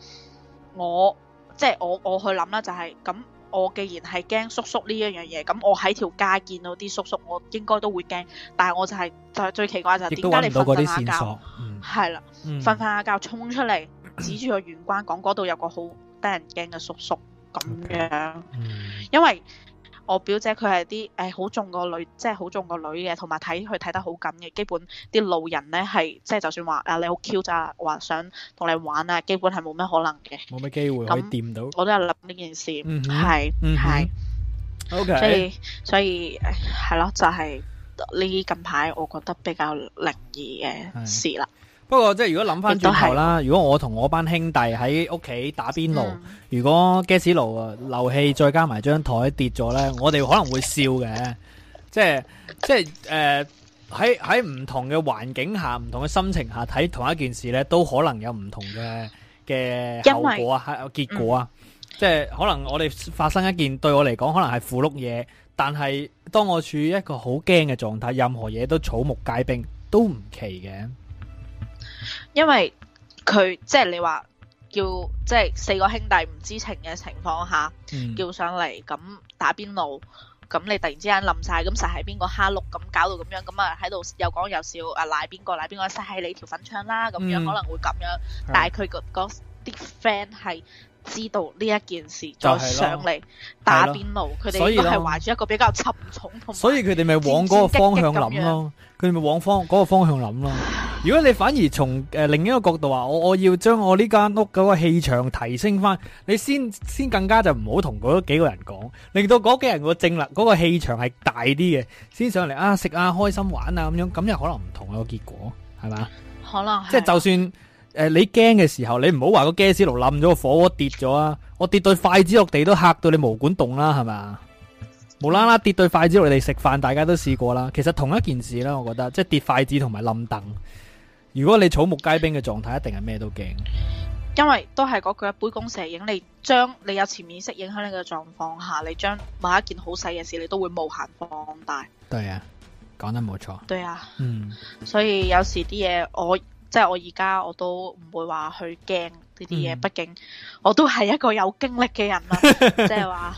我。即係我我去諗啦，就係、是、咁。我既然係驚叔叔呢一樣嘢，咁我喺條街見到啲叔叔，我應該都會驚。但係我就係、是、最最奇怪就係點解你瞓瞓下覺，係、嗯、啦，瞓瞓下覺衝出嚟指住個玄關講嗰度有個好得人驚嘅叔叔咁樣，okay. 嗯、因為。我表姐佢係啲誒好重個女，即係好重個女嘅，同埋睇佢睇得好緊嘅，基本啲路人咧係即係就算話啊你好 Q 咋，話想同你玩啊，基本係冇咩可能嘅，冇咩機會可以掂到。我都有諗呢件事，係、嗯哼，係、嗯 Okay.，所以所以係咯，就係、是、呢近排我覺得比較靈異嘅事啦。不過即係如果諗翻轉頭啦，如果我同我班兄弟喺屋企打邊爐，嗯、如果 gas 爐漏氣再加埋張台跌咗呢，我哋可能會笑嘅。即係即係誒，喺喺唔同嘅環境下，唔同嘅心情下睇同一件事呢，都可能有唔同嘅嘅後果啊，為結果啊。嗯、即係可能我哋發生一件對我嚟講可能係負碌嘢，但係當我處於一個好驚嘅狀態，任何嘢都草木皆兵，都唔奇嘅。因為佢即係你話叫即係四個兄弟唔知情嘅情況下、嗯、叫上嚟咁打邊爐，咁你突然之間冧晒咁實喺邊個蝦碌咁搞到咁樣咁啊，喺度又講又笑啊，賴邊個賴邊個，實係你條粉腸啦咁樣、嗯、可能會咁樣，的但係佢個啲 friend 係知道呢一件事再上嚟打邊爐，佢哋都係懷住一個比較沉重同，所以佢哋咪往嗰個方向諗咯。佢咪往方嗰個方向諗咯。如果你反而從誒另一個角度話，我我要將我呢間屋嗰個氣場提升翻，你先先更加就唔好同嗰幾個人講，令到嗰幾個人個正能嗰個氣場係大啲嘅，先上嚟啊食啊開心玩啊咁樣，咁又可能唔同個結果係嘛？可能了即係就算誒你驚嘅時候，你唔好話個 gas 爐冧咗個火鍋跌咗啊，我跌到筷子落地都吓到你毛管動啦，係嘛？無啦啦跌對筷子落嚟食飯，大家都試過啦。其實同一件事啦，我覺得即係跌筷子同埋冧凳。如果你草木皆兵嘅狀態，一定係咩都驚。因為都係嗰句一杯弓蛇影，你將你有潛意識影響你嘅狀況下，你將某一件好細嘅事，你都會無限放大,大。對啊，講得冇錯。對啊，嗯。所以有時啲嘢，我即係、就是、我而家我都唔會話去驚呢啲嘢。畢、嗯、竟我都係一個有經歷嘅人啦，即係話。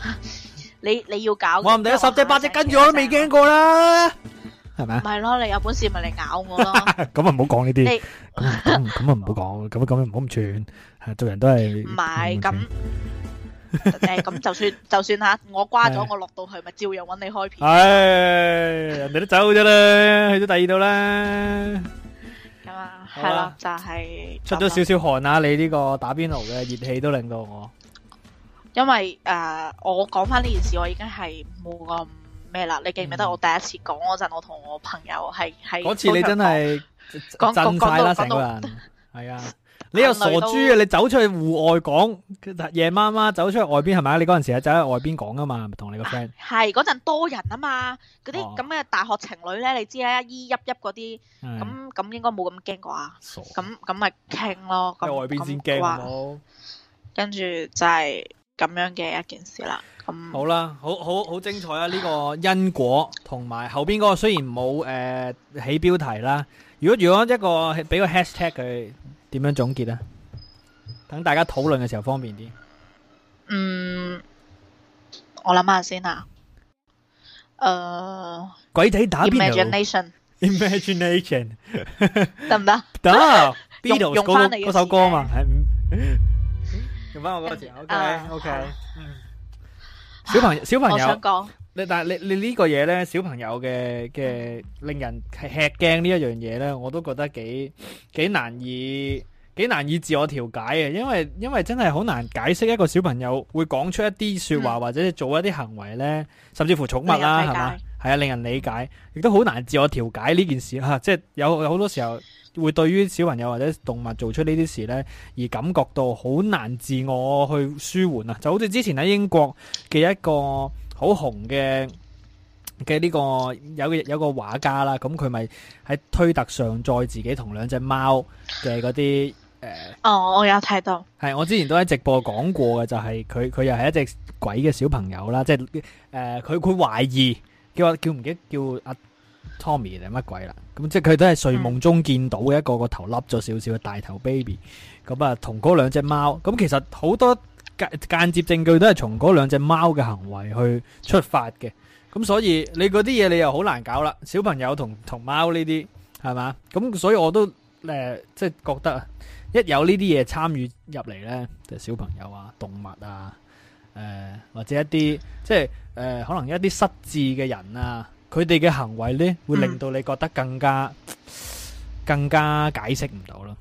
你你要搞我唔第一十隻八隻跟住我都未驚過啦，係咪啊？唔係咯，你有本事咪嚟咬我咯！咁啊唔好講呢啲，咁啊唔好講，咁啊咁啊唔好咁串，係做人都係唔係？咁誒咁就算就算吓，我瓜咗我落到去咪照樣揾你開片？係人哋都走啫啦，去咗第二度啦。咁啊係啦，就係出咗少少汗啊！你呢個打邊爐嘅熱氣都令到我。因為誒、呃，我講翻呢件事，我已經係冇咁咩啦。你記唔記得我第一次講嗰陣，我同我朋友係係嗰次你真係咁快啦，成個人係啊！你又傻豬啊！你走出去戶外講夜媽媽、啊，走出去外邊係咪啊？你嗰陣時係就喺外邊講啊嘛，同你個 friend 係嗰陣多人啊嘛，嗰啲咁嘅大學情侶咧，你知啦，依泣泣嗰啲咁咁，應該冇咁驚啩。咁咁咪傾咯，喺外邊先驚。跟住就係、是。咁樣嘅一件事啦，咁好啦，好好好精彩啊！呢個因果同埋後邊嗰個雖然冇誒起標題啦，如果如果一個俾個 hashtag 佢點樣總結咧？等大家討論嘅時候方便啲。嗯，我諗下先啊。誒，鬼仔打邊爐。Imagination。Imagination。得唔得？得。Beatles 用翻嗰首歌嘛，係。翻我個字，O K，嗯，小朋友，小朋友，想講，你但係你你呢個嘢咧，小朋友嘅嘅令人係吃驚呢一樣嘢咧，我都覺得幾幾難以幾難以自我調解嘅，因為因為真係好難解釋一個小朋友會講出一啲說話或者做一啲行為咧，甚至乎寵物啦，係嘛，係啊，令人理解，亦都好難自我調解呢件事吓，即係有有好多時候。會對於小朋友或者動物做出呢啲事呢，而感覺到好難自我去舒緩啊！就好似之前喺英國嘅一個好紅嘅嘅呢個有有個畫家啦，咁佢咪喺推特上載自己同兩隻貓嘅嗰啲哦，我有睇到，係我之前都喺直播講過嘅，就係佢佢又係一隻鬼嘅小朋友啦，即係佢佢懷疑叫叫唔記得叫阿，叫啊 Tommy 定乜鬼啦、啊？咁即係佢都係睡夢中見到嘅一個個頭笠咗少少嘅大頭 baby、嗯。咁啊，同嗰兩隻貓。咁其實好多間間接證據都係從嗰兩隻貓嘅行為去出發嘅。咁所以你嗰啲嘢你又好難搞啦。小朋友同同貓呢啲係嘛？咁所以我都誒即係覺得啊，一有呢啲嘢參與入嚟呢，即係小朋友啊、動物啊、誒、呃、或者一啲即係誒、呃、可能一啲失智嘅人啊。佢哋嘅行為咧，會令到你覺得更加、um. 更加解釋唔到啦。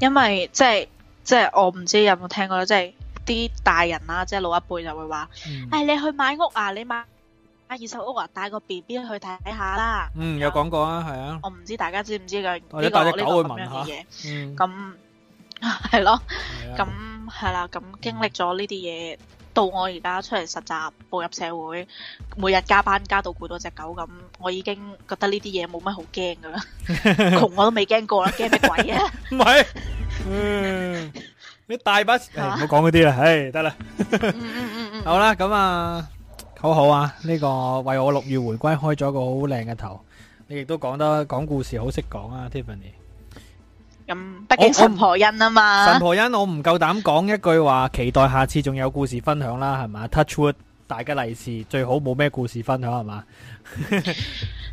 因為即係即係，我唔知有冇聽過即係啲大人啦，即係老一輩就會話，哎，你去買屋啊，你買買二手屋啊，帶個 B B 去睇下啦。嗯，有講過啊，係啊。我唔知大家知唔知嗰樣。或者帶隻狗去問下嘢，咁係咯，咁係啦，咁經歷咗呢啲嘢。到我而家出嚟實習步入社會，每日加班加到攰到隻狗咁，我已經覺得呢啲嘢冇乜好驚噶啦，窮 我都未驚過啦，驚咩鬼啊？唔係， 嗯，你大把唔好講嗰啲啦，唉、啊，得啦、欸欸 嗯，嗯嗯嗯嗯，好啦，咁啊，好好啊，呢、呢個為我六月回歸開咗個好靚嘅頭，你亦都講得講故事好識講啊，Tiffany。畢竟神婆恩啊嘛，神婆恩我唔夠膽講一句話，期待下次仲有故事分享啦，係嘛？Touch Wood 大家利是，最好冇咩故事分享，係嘛？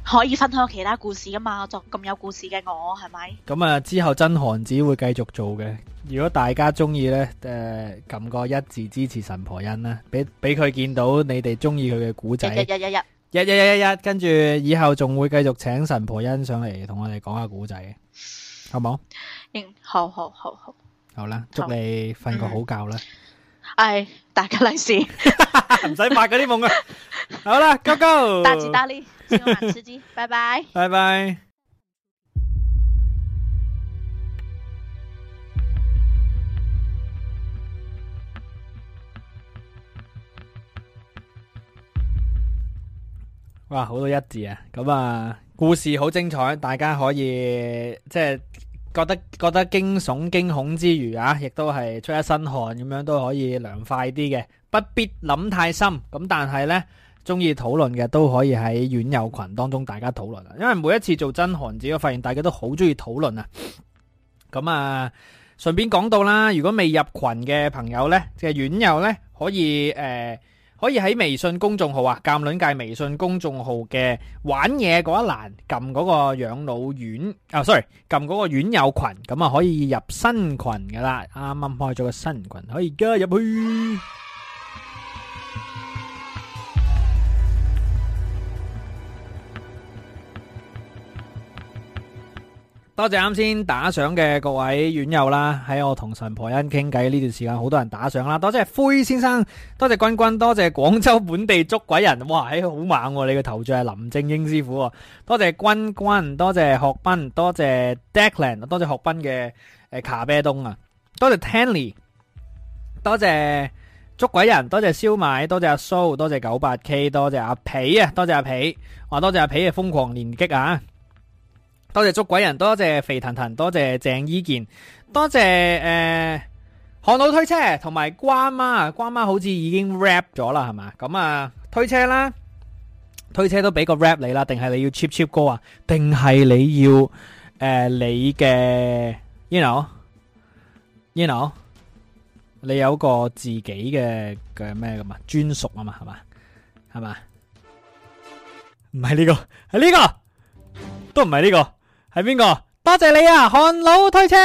可以分享其他故事噶嘛？作咁有故事嘅我係咪？咁啊，之後真寒子會繼續做嘅。如果大家中意呢，誒，撳個一字支持神婆恩啦，俾俾佢見到你哋中意佢嘅古仔，一、一、一、一、一、一、一、一、一，跟住以後仲會繼續請神婆恩上嚟同我哋講下古仔。好冇？嗯，好好好好。好啦，祝你瞓個好覺啦。哎，大家利是，唔使發嗰啲夢啊。好啦，Go Go！大吉大利，今晚吃雞，拜拜，拜拜。哇，好多一字啊！咁啊。故事好精彩，大家可以即係覺得覺得驚悚驚恐之餘啊，亦都係出一身汗咁樣都可以涼快啲嘅，不必諗太深。咁但係呢，中意討論嘅都可以喺院友群當中大家討論啊。因為每一次做真寒子，我發現大家都好中意討論啊。咁啊，順便講到啦，如果未入群嘅朋友呢，即係院友呢，可以誒。可以喺微信公眾號啊，鑑卵界微信公眾號嘅玩嘢嗰一欄，撳嗰個養老院啊、哦，sorry，撳嗰個院友群，咁啊可以入新群噶啦，啱啱開咗個新群，可以加入去。多謝啱先打賞嘅各位院友啦，喺我同神婆欣傾偈呢段時間，好多人打賞啦，多謝灰先生，多謝君君，多謝廣州本地捉鬼人，哇，嘿，好猛，你嘅頭像係林正英師傅，多謝君君，多謝學斌，多謝 Declan，多謝學斌嘅誒卡貝東啊，多謝 Tanny，多謝捉鬼人，多謝燒麥，多謝阿蘇，多謝九八 K，多謝阿皮啊，多謝阿皮，哇，多謝阿皮嘅瘋狂連擊啊！多謝捉鬼人，多謝肥騰騰，多謝鄭伊健，多謝誒，韓、呃、佬推車同埋關媽啊，關媽好似已經 rap 咗啦，係嘛？咁啊，推車啦，推車都俾個 rap 你啦，定係你要 cheap cheap 歌啊？定係你要誒、呃，你嘅 You know？You know？你有個自己嘅嘅咩咁啊？專屬啊嘛，係嘛？係嘛？唔係呢個，係呢個，都唔係呢個。係邊個？多謝你啊，韓老推車。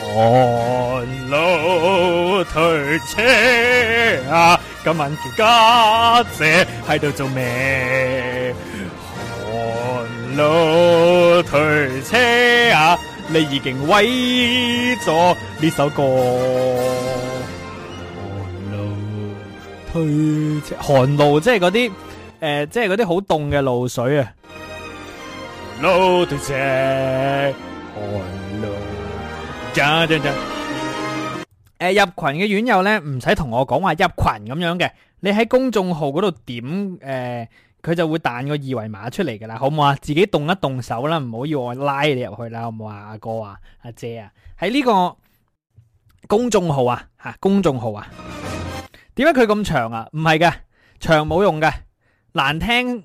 韓老推車啊，今晚住家姐喺度做咩？韓老推車啊。你已經威咗呢首歌，寒露、oh, no. 推車，寒露即係嗰啲，誒、呃，即係嗰啲好凍嘅露水啊！露、no, 推車，寒露，誒，入群嘅院友咧，唔使同我講話入群咁樣嘅，你喺公眾號嗰度點誒？呃佢就會彈個二維碼出嚟噶啦，好唔好啊？自己動一動手啦，唔好要我拉你入去啦，好唔好啊？阿哥啊，阿姐啊，喺呢個公眾號啊，吓、啊、公眾號啊，點解佢咁長啊？唔係嘅，長冇用嘅，難聽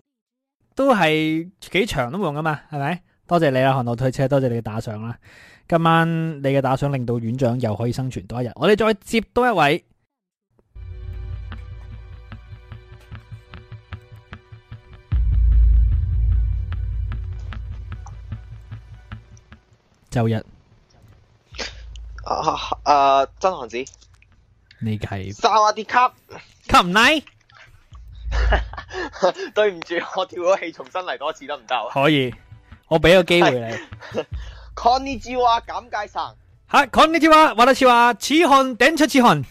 都係幾長都冇用噶嘛，係咪？多謝你啦，韓路推車，多謝你嘅打賞啦。今晚你嘅打賞令到院長又可以生存多一日。我哋再接多一位。周日，啊啊！真寒子，你計啊，下啲卡，卡唔嚟？對唔住，我調咗戲，重新嚟多次得唔得啊？可以，我俾個機會你。Connie Jo 啊，簡介神吓，Connie Jo 話多次話，痴漢頂出痴漢。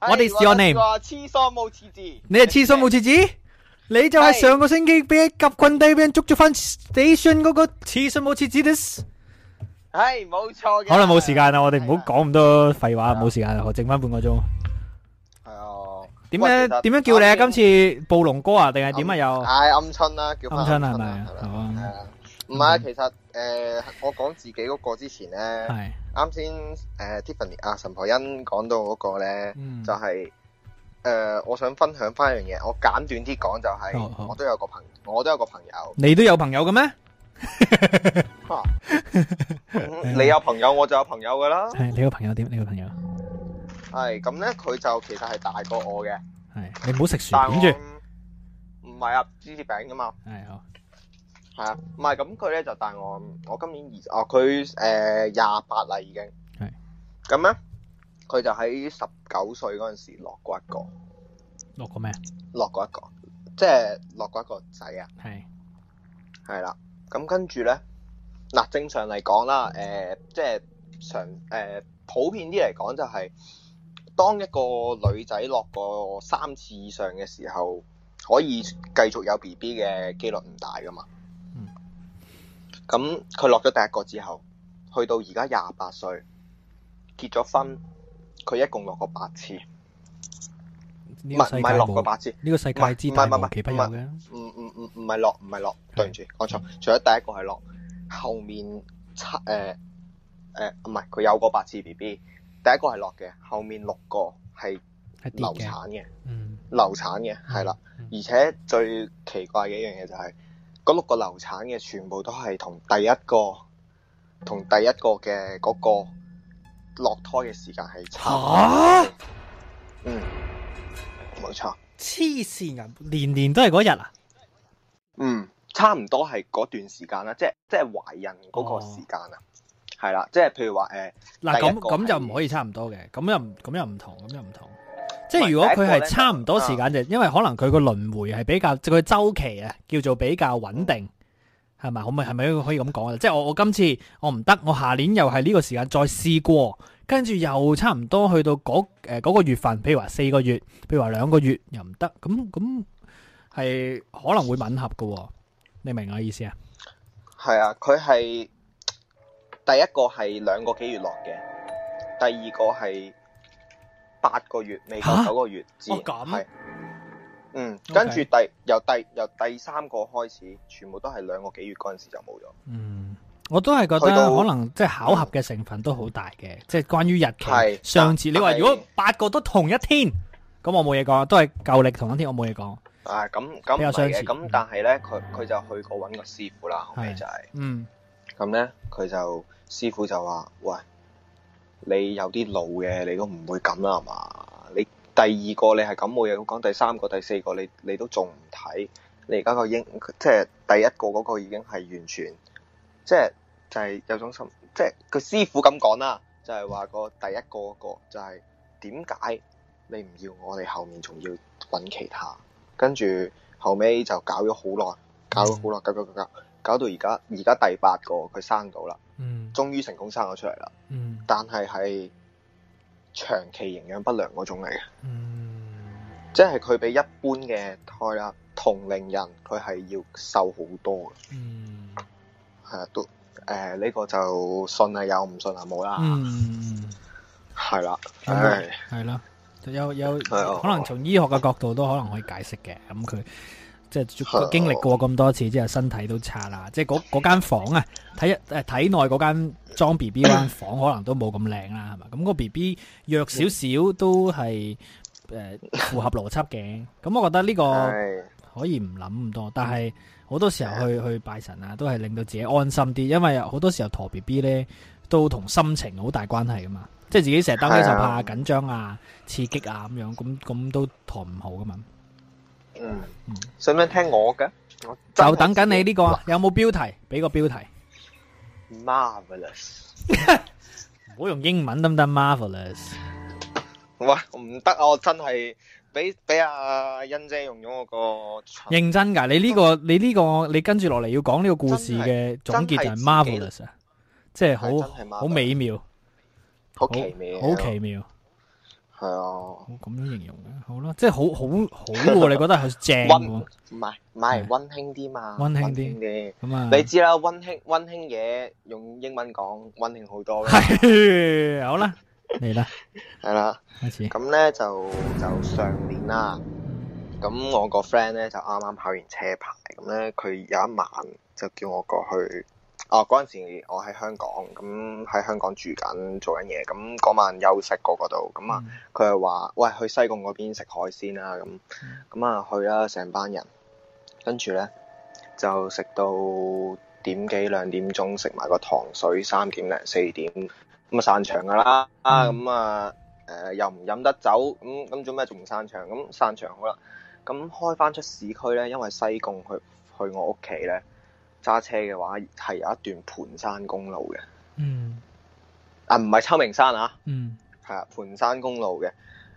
What is your name？你係廁所冇廁紙？你係廁所冇廁紙？你就係上個星期俾夾棍低，俾人捉咗翻李信嗰個廁所冇廁紙的。係冇錯嘅。好啦冇時間啦，我哋唔好講咁多廢話啊！冇時間啊，我剩翻半個鐘。係啊。點樣點樣叫你啊？今次暴龍哥啊，定係點啊？又。係鵪鶉啦，叫。鵪鶉係咪？係啊。唔係啊，其實誒，我講自己嗰個之前咧，啱先誒，Tiffany 阿陳婆欣講到嗰個咧，就係誒，我想分享翻一樣嘢，我簡短啲講就係，我都有個朋，我都有個朋友。你都有朋友嘅咩？ 你有朋友，我就有朋友噶啦。係你個朋友點？你個朋友係咁咧，佢就其實係大過我嘅。係你唔好食薯，諗住唔係啊，芝士餅噶嘛。係啊，係啊，唔係咁佢咧就大我。我今年二十哦，佢誒廿八啦，呃、已經係咁咧。佢是就喺十九歲嗰陣時落過一個落過咩？落過一個，即係落過一個仔啊。係係啦。咁跟住咧，嗱正常嚟講啦，誒、呃、即係常誒普遍啲嚟講就係、是，當一個女仔落過三次以上嘅時候，可以繼續有 B B 嘅幾率唔大噶嘛？嗯。咁佢落咗第一個之後去到而家廿八歲結咗婚，佢、嗯、一共落過八次。唔係唔係落過八次，呢個世界唔係唔係無奇不有嘅。嗯。唔唔係落唔係落，落的對唔住，嗯、我錯。除咗第一個係落，後面七誒誒唔係，佢、呃呃呃、有個八字 B B，第一個係落嘅，後面六個係流產嘅，的的嗯、流產嘅係啦。而且最奇怪嘅一樣嘢就係、是，嗰六個流產嘅全部都係同第一個同第一個嘅嗰個落胎嘅時間係差。啊、嗯，冇錯。黐線人，年年都係嗰日啊！嗯，差唔多係嗰段時間啦，即係即係懷孕嗰個時間啊，係啦、哦，即係譬如話誒，嗱咁咁就唔可以差唔多嘅，咁又咁又唔同，咁又唔同，即係如果佢係差唔多時間就，因為可能佢個輪迴係比較，即係佢周期啊，叫做比較穩定，係咪、嗯？可唔可以係咪可以咁講啊？即係我我今次我唔得，我下年又係呢個時間再試過，跟住又差唔多去到嗰誒個月份，譬如話四個月，譬如話兩個月，兩個月又唔得，咁咁。係可能會吻合嘅，你明我意思啊？係啊，佢係第一個係兩個幾月落嘅，第二個係八個月未夠九個月，自然係嗯。Okay. 跟住第由第由第，由第三個開始，全部都係兩個幾月嗰陣時就冇咗。嗯，我都係覺得都可能即係巧合嘅成分都好大嘅，嗯、即係關於日期。是上次你話如果八個都同一天，咁是我冇嘢講，都係舊曆同一天，我冇嘢講。啊，咁咁咁但係咧，佢佢就去過揾個師傅啦，後尾是、嗯、就係，嗯，咁咧佢就師傅就話：，喂，你有啲老嘅，你都唔會咁啦，係嘛？你第二個你係咁，我又講第三個、第四個你，你你都仲唔睇？你而家個應即係第一個嗰個已經係完全，即係就係有種心，即係個師傅咁講啦，就係、是、話個第一個嗰個就係點解你唔要我哋後面仲要揾其他？跟住後尾就搞咗好耐，搞咗好耐，搞搞搞搞，搞搞到而家而家第八個佢生到啦，嗯，終於成功生咗出嚟啦，嗯，但係係長期營養不良嗰種嚟嘅，嗯，即係佢比一般嘅胎啦，同齡人佢係要瘦好多嘅，嗯，係啊，都誒呢、呃呢個就信係有唔信係冇、嗯、啦，嗯，係啦，唉，係啦。有有可能從醫學嘅角度都可能可以解釋嘅，咁佢即係經歷過咁多次，之後身體都差啦，即係嗰嗰間房啊，體誒體內嗰間裝 B B 間房可能都冇咁靚啦，係嘛？咁、個 B B 弱少少都係誒、呃、符合邏輯嘅，咁我覺得呢個可以唔諗咁多，但係好多時候去去拜神啊，都係令到自己安心啲，因為好多時候陀 B B 咧都同心情好大關係噶嘛。即係自己成日擔驚受怕、緊張啊、刺激啊咁樣，咁咁都堂唔好噶嘛。嗯，想唔想聽我嘅？就等緊你呢個，有冇標題？俾個標題。Marvelous，唔好用英文得唔得？Marvelous，喂，唔得啊！我真係俾俾阿欣姐用咗我個。認真噶，你呢個你呢個你跟住落嚟要講呢個故事嘅總結就係 Marvelous 啊，即係好好美妙。好奇妙，好奇妙，係啊，咁樣形容嘅，好啦，即係好好好喎，你覺得係正喎，唔係唔係溫馨啲嘛，溫馨啲嘅，咁啊，你知啦，溫馨溫馨嘢，用英文講溫馨好多啦，係好啦，嚟啦，係啦，開始，咁咧就就上年啦，咁我個 friend 咧就啱啱考完車牌，咁咧佢有一晚就叫我過去。哦，嗰陣時我喺香港，咁喺香港住緊，做緊嘢，咁嗰晚休息過嗰度，咁啊，佢係話：喂，去西貢嗰邊食海鮮啦，啊，咁咁啊去啦，成班人，跟住咧就食到點幾兩點鐘，食埋個糖水，三點零四點，咁啊散場㗎啦，咁、嗯、啊誒、嗯呃、又唔飲得酒，咁咁做咩仲唔散場？咁散場好啦，咁開翻出市區咧，因為西貢去去我屋企咧。揸車嘅話係有一段盤山公路嘅，嗯，啊唔係秋名山啊，嗯，係啊盤山公路嘅，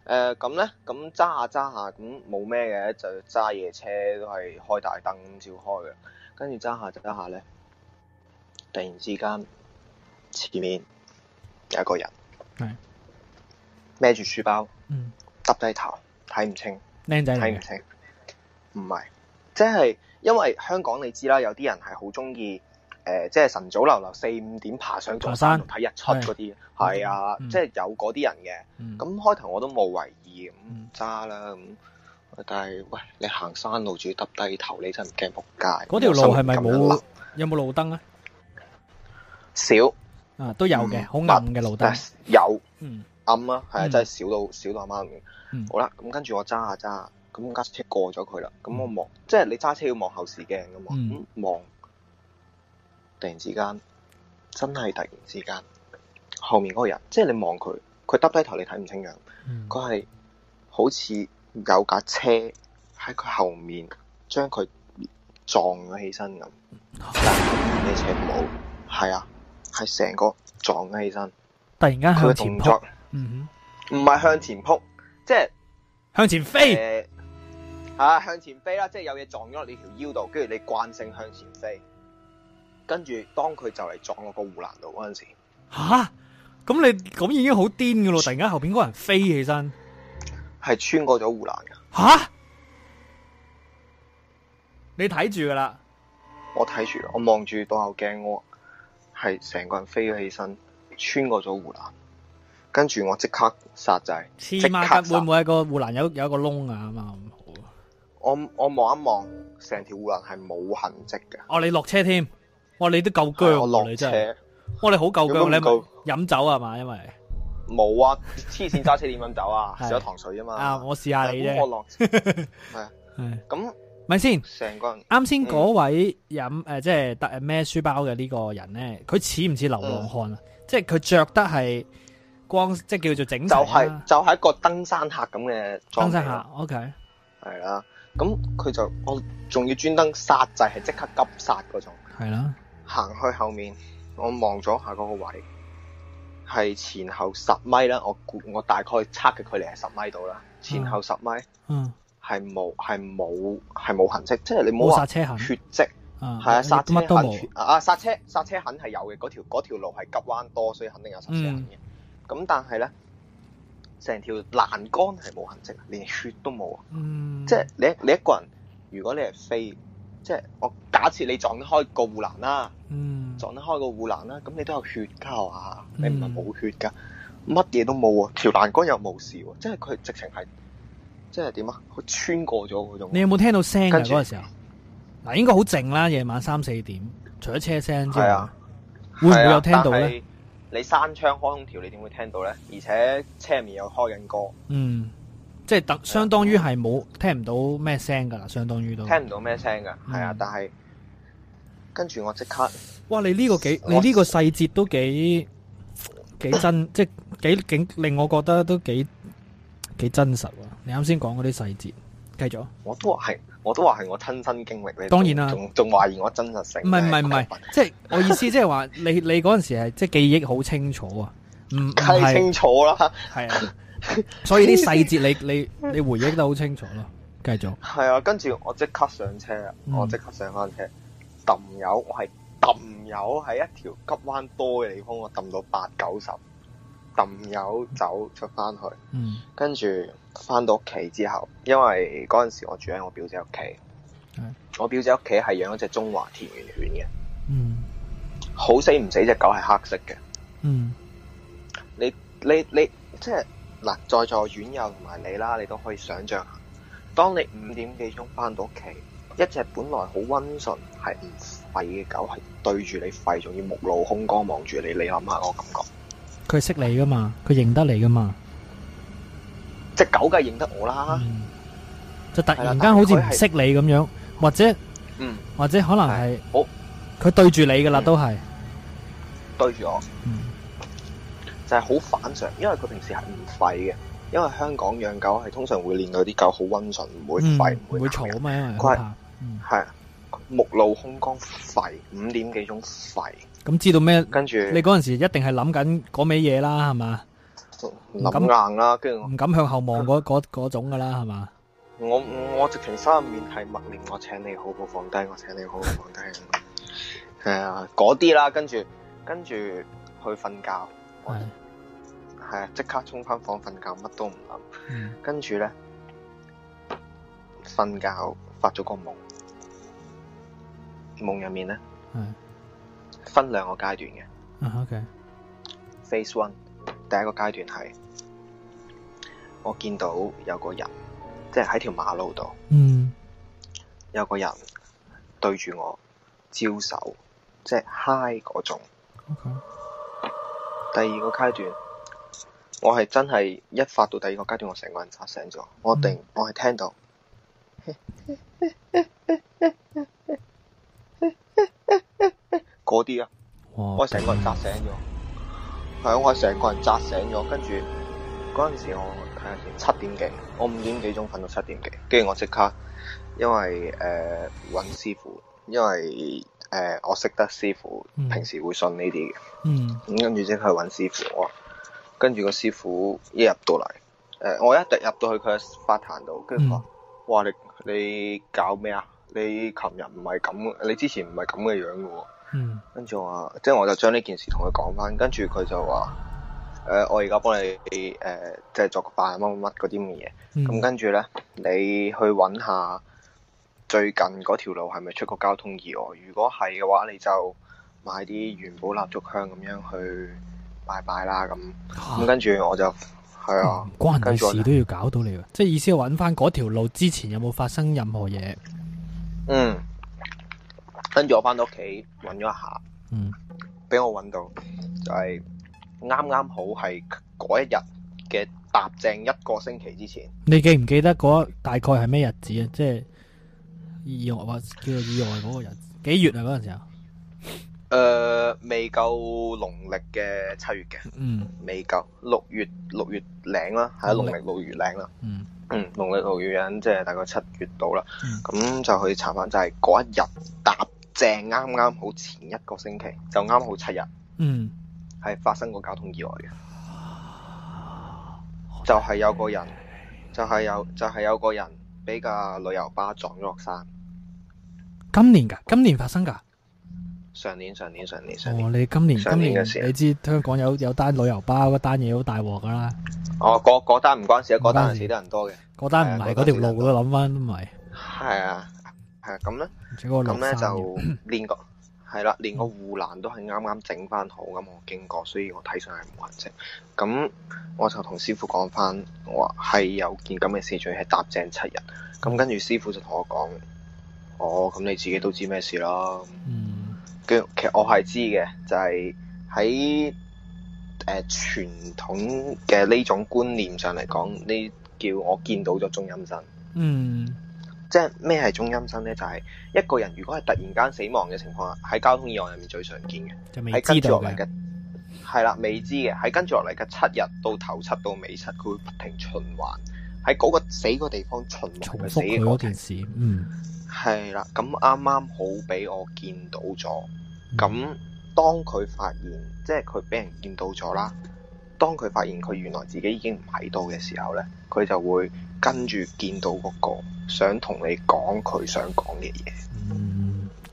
誒咁咧咁揸下揸下咁冇咩嘅，就揸夜車都係開大燈照開嘅，跟住揸下就揸下咧，突然之間前面有一個人，係孭住書包，嗯，耷低頭睇唔清，靚仔睇唔清，唔係，即係。因為香港你知啦，有啲人係好中意誒，即係晨早流流四五點爬上座山度睇日出嗰啲，係啊，即係有嗰啲人嘅。咁開頭我都冇為意，咁揸啦咁，但係喂，你行山路主要揼低頭，你真係唔驚仆街。嗰條路係咪冇？有冇路燈啊？少啊，都有嘅，好暗嘅路燈。有，嗯，暗啊，係啊，真係少到少到阿媽咁。好啦，咁跟住我揸下揸。咁架車過咗佢啦，咁我望，即係你揸車要望後視鏡，咁望，突然之間，真係突然之間，後面嗰個人，即係你望佢，佢耷低頭，你睇唔清樣，佢係、嗯、好似有架車喺佢後面將佢撞咗起身咁，但係你車冇，係啊，係成個撞咗起身，突然間向前撲，嗯，唔係向前撲，嗯、哼即係是向前飛。呃吓、啊、向前飛啦，即係有嘢撞咗落你條腰度，跟住你慣性向前飛，跟住當佢就嚟撞落個護欄度嗰陣時，吓咁、啊、你咁已經好癲噶咯，突然間後邊嗰人飛起身，係穿過咗護欄噶，吓、啊、 你睇住噶啦，我睇住，我望住倒後鏡，我係成個人飛起身，穿過咗護欄，跟住我即刻剎掣，就是，即刻會唔會係個護欄有有一個窿啊嘛。我我望一望，成條護欄係冇痕迹嘅。哦，你落車添，哇，你都夠薑，我落車，哇，你好夠薑，你冇飲酒啊嘛？因為冇啊，黐線揸車點飲酒啊？食咗糖水啊嘛。啊，我試下你啫。係啊，咁咪先。成個人啱先嗰位飲誒，即係咩孭書包嘅呢個人咧，佢似唔似流浪漢啊？即係佢着得係光，即係叫做整，就係就係一個登山客咁嘅。登山客，OK，係啦。咁佢就我仲要專登剎掣係即刻急剎嗰種，係啦的。行去後面，我望咗下嗰個位，係前後十米啦。我我大概測嘅距離係十米度啦，前後十米。嗯。係冇係冇係冇痕跡，即係你冇話血跡。冇剎車痕。係的啊，剎車痕啊剎車剎車痕係有嘅，嗰條嗰條路係急彎多，所以肯定有剎車痕嘅。咁、嗯、但係咧。成條欄杆係冇痕跡，連血都冇，嗯、即係你你一個人，如果你係飛，即係我假設你撞得開個護欄啦，嗯、撞得開個護欄啦，咁你都有血噶啊，你唔係冇血㗎，乜嘢、嗯、都冇喎，條欄杆又冇事喎，即係佢直情係，即係點啊？佢穿過咗嗰種。你有冇聽到聲啊？嗰、嗰個、時候，嗱著應該好靜啦，夜晚三四點，除咗車聲之外，啊啊啊、會唔會有聽到咧？你閂窗開空調，你點會聽到咧？而且車面又開緊歌，嗯，即係等相當於係冇聽唔到咩聲噶啦，相當於都，聽唔到咩聲噶，係啊、嗯。但係跟住我即刻，哇！你呢個幾你呢個細節都幾我幾真，即係幾幾令我覺得都幾幾真實。你啱先講嗰啲細節，繼續。我都話係。我都話係我親身經歷，你當然啦，仲仲懷疑我真實性。唔係唔係唔係， 即係我意思，即係話你你嗰陣時係即係記憶好清楚啊，唔、嗯、係清楚啦，係啊，所以啲細節你 你你回憶得好清楚咯、啊。繼續。係啊，跟住我即刻上車，我即刻上翻車，抌、嗯、油，我係抌油喺一條急彎多嘅地方，我抌到八九十。氹友走出翻去，跟住翻到屋企之後，因為嗰陣時我住喺我表姐屋企，我表姐屋企係養一隻中華田園犬嘅，嗯、好死唔死隻狗係黑色嘅、嗯。你你你即係嗱，在座院友同埋你啦，你都可以想象下，當你五點幾鐘翻到屋企，一隻本來好温順、係唔吠嘅狗，係對住你吠，仲要目露凶光望住你，你諗下我感覺。佢識你噶嘛？佢認得你噶嘛？隻狗梗係認得我啦，就突然間好似唔識你咁樣，或者，嗯，或者可能係好，佢對住你噶啦，都係對住我，嗯，就係好反常，因為佢平時係唔吠嘅，因為香港養狗係通常會練到啲狗好溫順，唔會吠，唔會吵啊嘛，因為佢怕，係目露凶光吠，五點幾鐘吠。咁知道咩？跟住着 你嗰陣時一定係諗緊嗰味嘢啦，係嘛？諗硬啦，跟住我唔敢向後望嗰嗰嗰種噶啦，係嘛？我我直情心入面係默念：我請你好好放低，我請你好好放低。係啊，嗰啲啦，跟住跟住去瞓覺。係係啊，即刻沖翻房瞓覺，乜都唔諗。跟住咧，瞓覺發咗個夢，夢入面咧。嗯。 分兩個階段嘅。嗯，OK。Phase one，第一個階段係我見到有個人，即係喺條馬路度。嗯。有個人對住我招手，即係嗨嗰種。OK。第二個階段，我係真係一發到第二個階段，我成個人醒咗。嗯、我定，我係聽到。 嗰啲啊，哦、我成個人扎醒咗，係啊、嗯，我成個人扎醒咗，跟住嗰陣時我睇下先，七點幾，我五點幾鐘瞓到七點幾，跟住我即刻，因為誒搵、呃、師傅，因為誒、呃、我識得師傅平時會信呢啲嘅，咁跟住即刻去搵師傅，我話跟住個師傅一入到嚟，誒、呃、我一入入到去佢嘅發壇度，跟住話，哇、嗯、你你搞咩啊？你琴日唔係咁，你之前唔係咁嘅樣噶喎。嗯，跟住我話即係我就將呢件事同佢講翻，跟住佢就話誒、呃，我而家幫你誒，即係作個拜乜乜乜嗰啲嘢。咁、嗯、跟住咧，你去揾下最近嗰條路係咪出過交通意外，哦？如果係嘅話，你就買啲元寶蠟燭香咁樣去拜拜啦。咁、嗯、咁、啊、跟住我就係啊，關，關事都要搞到你啊！即係意思係揾翻嗰條路之前有冇發生任何嘢？嗯。跟住我翻到屋企，揾咗一下，俾我揾到，就係啱啱好係嗰一日嘅搭正一個星期之前。你記唔記得嗰大概係咩日子啊？即係意外，話叫做意外嗰個日子？幾月啊？嗰陣時候？誒，未夠農曆嘅七月嘅，未夠六月六月領啦，係啊，農曆六月領啦。嗯，農曆六月領即係大概七月到啦。咁就去查翻，就係嗰一日搭。正啱啱好前一個星期就啱好七日，嗯，係發生過交通意外嘅，呵呵就係有個人，就係、是、有就係、是、有個人俾架旅遊巴撞咗落山。今年噶，今年發生噶，上年上年上年，哦，你今年，年今年嘅事，你知香港有有單旅遊巴嗰單嘢好大鑊噶啦。哦，嗰嗰單唔關事，嗰單死得人多嘅，嗰單唔係嗰條路都諗翻都唔係。係啊。係咁咧，咁咧就連個係啦，連個護欄都係啱啱整翻好咁，我經過，所以我睇上係唔人食。咁我就同師傅講翻，我係有件咁嘅事仲要係搭正七日。咁跟住師傅就同我講：，哦，咁你自己都知咩事啦？嗯，跟其實我係知嘅，就係喺誒傳統嘅呢種觀念上嚟講，呢叫我見到咗中陰身。嗯。 嗯 嗯即係咩係中陰身呢？就係、是、一個人如果係突然間死亡嘅情況下，喺交通意外入面最常見嘅，喺跟住落嚟嘅係啦，未知嘅喺跟住落嚟嘅七日到頭七到尾七，佢會不停循環喺嗰個死，嘅地方，死嘅個地方循環重複佢嗰件事。嗯，係啦，咁啱啱好俾我見到咗。咁當佢發現，即係佢俾人見到咗啦。當佢發現佢原來自己已經唔喺度嘅時候呢，佢就會。跟住見到嗰個，想同你講佢想講嘅嘢。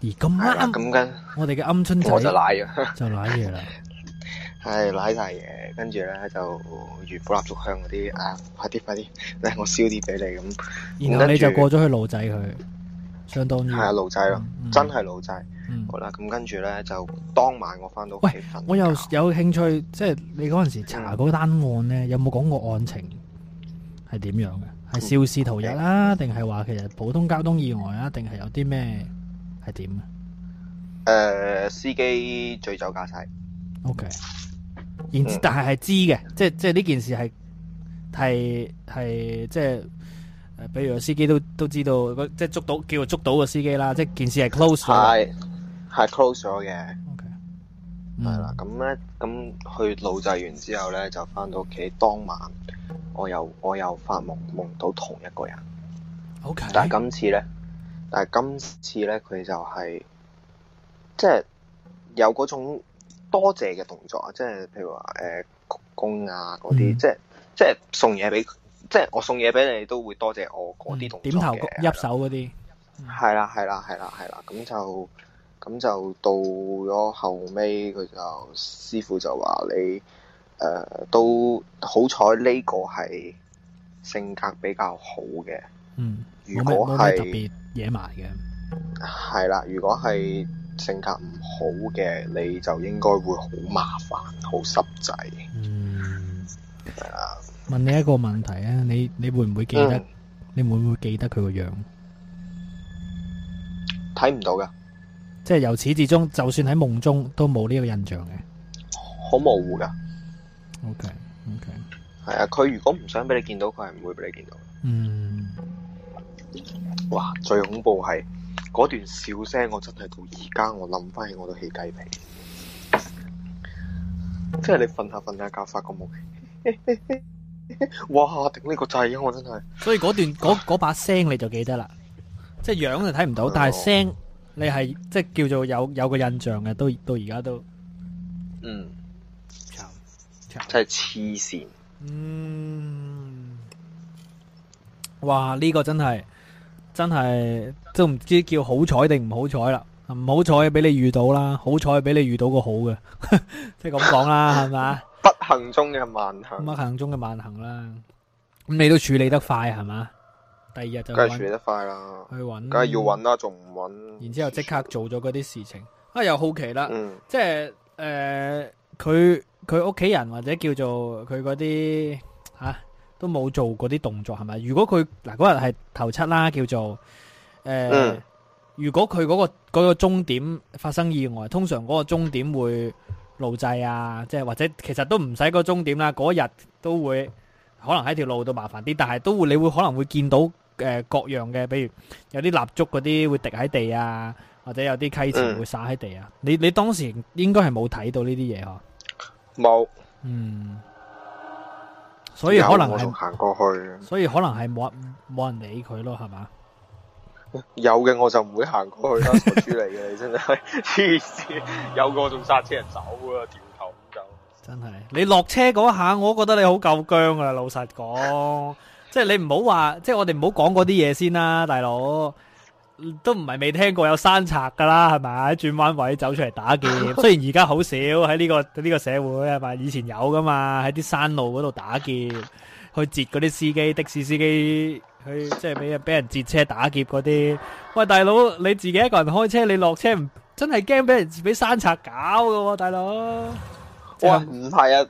而咁啱咁跟我哋嘅暗春，就賴咗，就賴嘢啦。係賴晒嘢，跟住咧就如火蠟燭香嗰啲啊！快啲快啲，嚟我燒啲俾你咁。然後你就過咗去路仔佢，相當於係啊路仔咯，真係路仔。好啦，咁跟住咧就當晚我翻到屋企瞓。喂，我又有興趣，即係你嗰陣時查嗰單案咧，有冇講過案情？係點樣嘅？係肇事逃逸啦，定係話其實普通交通意外啊？定係有啲咩係點？誒、呃，司機醉酒駕駛。Okay. 然之、嗯，但係係知嘅，即係即係呢件事係係係即係，誒，比如個司機都都知道，即係捉到，叫做捉到個司機啦，即係件事係 close 咗，係係 close 咗嘅。O K。係啦 Okay.，咁咧，咁去錄製完之後咧，就翻到屋企當晚。我又我又發夢夢到同一個人，Okay? 但係今次咧，但係今次咧佢就係、是、即係有嗰種多謝嘅動作啊！即係譬如話誒鞠躬啊嗰啲、嗯，即係即係送嘢俾，即係我送嘢俾你都會多謝我嗰啲動作嘅、嗯，點頭入手、手嗰啲，係啦係啦係啦係啦，咁就咁就到咗後尾佢就師傅就話你。誒，都好彩呢個係性格比較好嘅。嗯，如果係特別野蠻嘅係啦。如果係性格唔好嘅，你就應該會好麻煩，好濕滯。嗯，問你一個問題啊，你你會唔會記得？嗯、你會唔會記得佢個樣？睇唔到噶，即係由始至終，就算喺夢中都冇呢個印象嘅，好模糊噶。OK，OK，係啊，佢 Okay ,、okay. 如果唔想俾你見到，佢係唔會俾你見到。嗯，哇，最恐怖係嗰段笑聲，我真係到而家我諗翻起我都起雞皮。即係你瞓下瞓下覺發 個夢，哇！頂呢個掣啊，我真係。所以嗰段嗰把聲你就記得啦， 即係樣就睇唔到，但係聲你係即係叫做有有個印象嘅，到到而家都。嗯。真係黐線，嗯，哇！呢、這個真係真係都唔知叫好彩定唔好彩啦，唔好彩俾你遇到啦，好彩俾你遇到個好嘅，即係咁講啦，係咪 吧？不幸中嘅萬幸，不幸中嘅萬幸啦。咁你都處理得快，係咪？第二日就處理得快啦，去搵找，梗係要搵啦，仲唔搵？然後之後即刻做咗嗰啲事情，啊，又好奇啦，嗯、即係誒，佢、呃。佢屋企人或者叫做佢嗰啲吓都冇做嗰啲動作，係咪？如果佢嗱嗰日係頭七啦，叫做誒，呃嗯、如果佢嗰、那個嗰、那個終點發生意外，通常嗰個終點會路祭啊，即、就、係、是、或者其實都唔使個終點啦。嗰日都會可能喺條路度麻煩啲，但係都會你會可能會見到誒、呃、各樣嘅，比如有啲蠟燭嗰啲會滴喺地啊，或者有啲溪錢會灑喺地啊。嗯、你你當時應該係冇睇到呢啲嘢，嗬？冇，嗯，所以可能我仲行過去，所以可能係冇人冇人理佢咯，係嘛 有嘅我就唔會行過去啦，傻豬嚟嘅你真係，痴線，有嘅有個我仲剎車人走啊，調頭咁走。真係，你落車嗰下，我覺得你好夠僵噶啦，老實講， 即係你唔好話，即係我哋唔好講嗰啲嘢先啦，大佬。都唔係未聽過有山賊噶啦，係咪？轉彎位走出嚟，打劫，雖然而家好少喺呢個呢個社會啊，但以前有噶嘛，喺啲山路嗰度打劫，去截嗰啲司機的士司機，去即係俾人俾人截車打劫嗰啲。喂，大佬，你自己一個人開車，你落車唔真係驚俾人俾山賊搞噶，大佬。啊，唔係啊。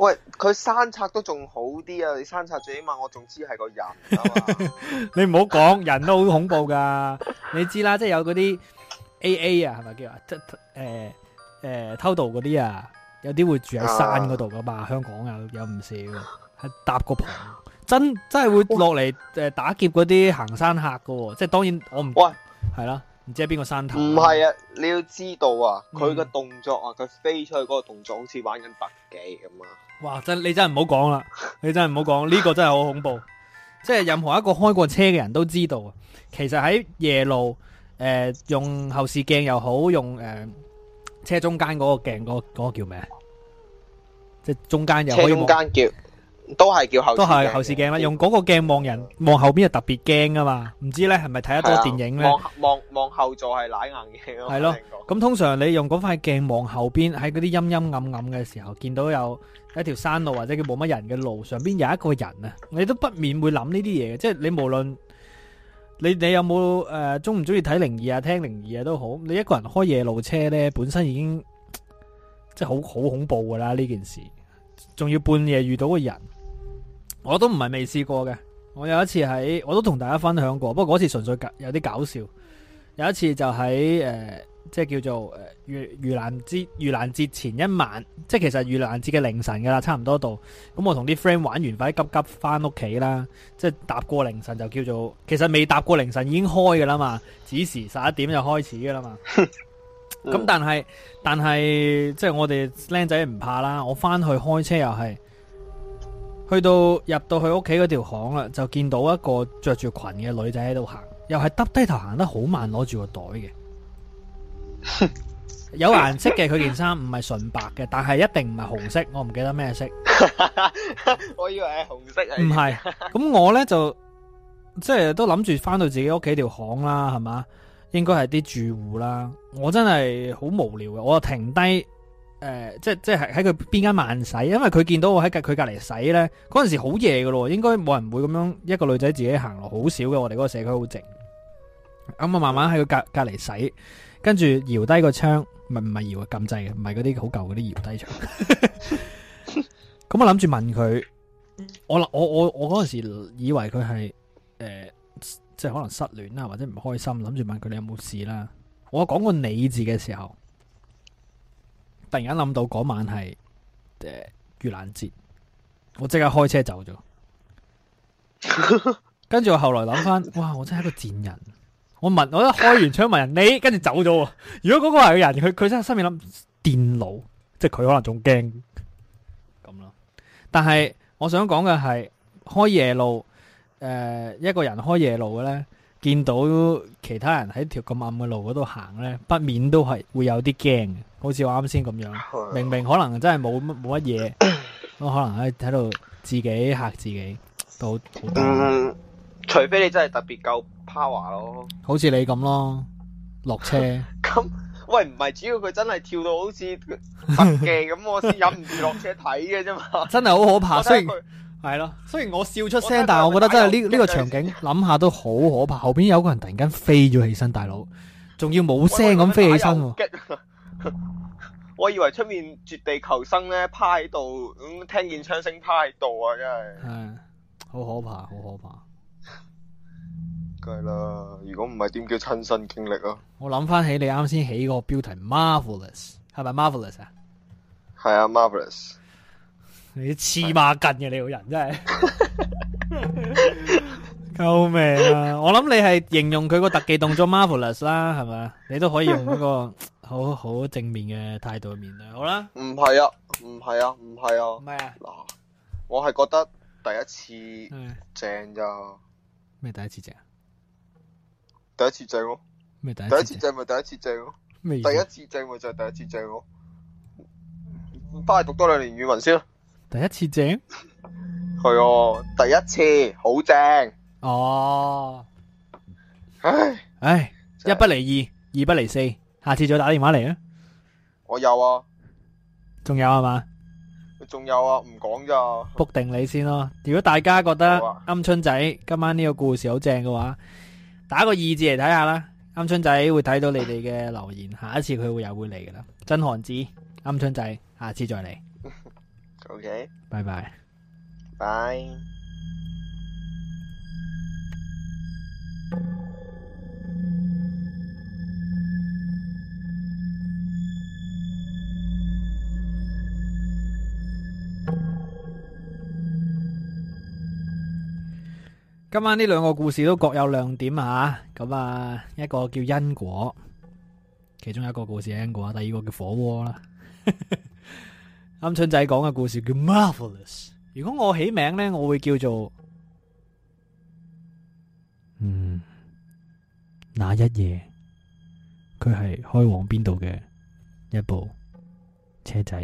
喂，佢山賊都仲好啲啊！你山賊最起碼我仲知係個人， 你唔好講人都好恐怖噶。 你知啦，即係有嗰啲 A A 啊，係咪叫啊？即誒誒偷渡嗰啲啊，有啲會住喺山嗰度噶嘛？香港有有唔少喺搭個棚，真真係會落嚟誒打劫嗰啲行山客噶。即係當然我唔係係啦，唔喂、啊、知係邊個山頭、啊。唔係啊，你要知道啊，佢個動作啊，佢飛出去嗰個動作好似玩緊特技咁啊！哇！真你真係唔好講啦，你真係唔好講呢個真係好恐怖，即係任何一個開過車嘅人都知道啊。其實喺夜路，誒、呃、用後視鏡又好，用誒、呃、車中間嗰個鏡，嗰、那、嗰個叫咩啊？即係中間又。可以都係叫後都係後視鏡啦，用嗰個鏡望人望後邊就特別驚啊嘛。唔知咧係咪睇得多電影咧？望望望後座係奶硬鏡咯。係咯，咁通常你用嗰塊鏡望後邊，喺嗰啲陰陰暗暗嘅時候，見到有一條山路或者叫冇乜人嘅路上邊有一個人啊，你都不免會諗呢啲嘢嘅。即係你無論你你有冇誒，中唔中意睇靈異啊，聽靈異啊都好。你一個人開夜路車咧，本身已經即係好好恐怖噶啦呢件事，仲要半夜遇到個人。我都唔係未試過嘅，我有一次喺，我都同大家分享過，不過嗰次純粹有啲搞笑。有一次就喺誒、呃，即係叫做誒，盂盂蘭節，盂蘭節前一晚，即係其實盂蘭節嘅凌晨噶啦，差唔多到。咁我同啲 friend 玩完，快急急翻屋企啦，即係搭過凌晨就叫做，其實未搭過凌晨已經開噶啦嘛，子時十一點就開始噶啦嘛。咁 但係但係即係我哋僆仔唔怕啦，我翻去開車又係。去到入到佢屋企嗰條巷啦，就見到一個着住裙嘅女仔喺度行，又係耷低頭行得好慢，攞住個袋嘅。 有顏色嘅，佢件衫唔係純白嘅，但係一定唔係紅色，我唔記得咩色。 我以為係紅色。唔係，咁我呢就即係都諗住翻到自己屋企條巷啦，係嘛？應該係啲住戶啦。我真係好無聊嘅，我就停低。誒、呃，即係即係喺佢邊間慢洗，因為佢見到我喺佢佢隔籬洗呢。嗰陣時好夜噶咯，應該冇人會咁樣一個女仔自己行路，好少嘅，我哋嗰個社區好靜。咁啊，慢慢喺佢隔隔籬洗，跟住搖低個窗，唔係唔係搖啊，撳掣嘅，唔係嗰啲好舊嗰啲搖低窗。咁 我諗住問佢，我我我我嗰陣時以為佢係誒，即係可能失戀啦，或者唔開心，諗住問佢你有冇事啦。我講過你字嘅時候。突然間諗到嗰晚係誒盂蘭節，我即刻開車走咗。跟住 我後來諗翻，哇！我真係一個賤人，我問，我一開完窗，問人你，跟、哎、住走咗。如果嗰個係個人、人，佢佢真係心面諗電腦，即係佢可能仲驚咁咯。但係我想講嘅係開夜路，誒、呃，一個人開夜路嘅咧。見到其他人喺條咁暗嘅路嗰度行呢，不免都係會有啲驚，好似我啱先咁樣。明明可能真係冇乜冇乜嘢，都可能喺喺度自己吓自己到。嗯，除非你真係特別夠 power 咯，好似你咁咯，落車。咁喂，唔係主要佢真係跳到好似特技咁， 我先忍唔住落車睇嘅啫嘛。真係好可怕，係咯，雖然我笑出聲，是是但係我覺得真係呢呢個場景諗下油 都好可怕。後邊有個人突然間飛咗起身，大佬，仲要冇聲咁飛起身喎。我， 我以為出面絕地求生咧，趴喺度咁聽見槍聲，趴喺度啊，真係，好可怕，好可怕。梗係啦，如果唔係點叫親身經歷啊？我諗翻起你啱先起個標題，Marvelous 係咪 Marvelous 啊？係啊，Marvelous。你黐孖筋嘅你個人真係，救命啊！我諗你係形容佢個特技動作 Marvelous 啦，係咪啊？你都可以用呢個好好正面嘅態度面對好啦。唔係啊，唔係啊，唔係啊。咩啊？我係覺得第一次正咋？咩第一次正？第一次正咯。咩第一次正？第一次正咪第一次正咯。第一次正咪就係第一次正咯。翻去讀多兩年語文先啦。第一次正？係哦，第一次好正哦。唉唉，是一不離二，二不離四，下次再打電話嚟啦。我有啊，仲有係、啊、嘛？仲有啊，唔講咋？卜定你先咯。如果大家覺得啱春仔今晚呢個故事好正嘅話，打個二字嚟睇下啦。啱春仔會睇到你哋嘅留言，啊、下一次佢會又會嚟噶啦。真寒子，啱春仔，下次再嚟。Okay. Bye bye. Bye. 今晚呢兩個故事都各有亮點啊！咁啊，一個叫因果，其中一個故事係因果，第二個叫火鍋啦。真寒子講嘅故事叫 Marvelous。如果我起名呢，我會叫做嗯那一夜。佢係開往邊度嘅一部車仔？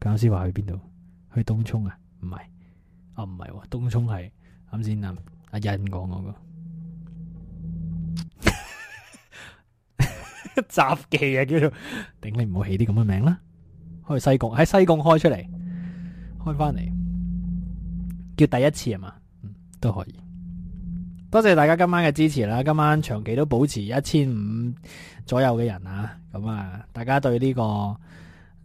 教師話去邊度？去東涌啊？唔係啊？唔係、啊、東涌係啱先阿欣講嗰個。 雜技啊，叫做頂你唔好起啲咁嘅名啦，開西貢喺西貢開出嚟，開翻嚟叫第一次啊嘛，嗯，都可以。多謝大家今晚嘅支持啦，今晚長期都保持一千五左右嘅人啊，咁啊，大家對呢個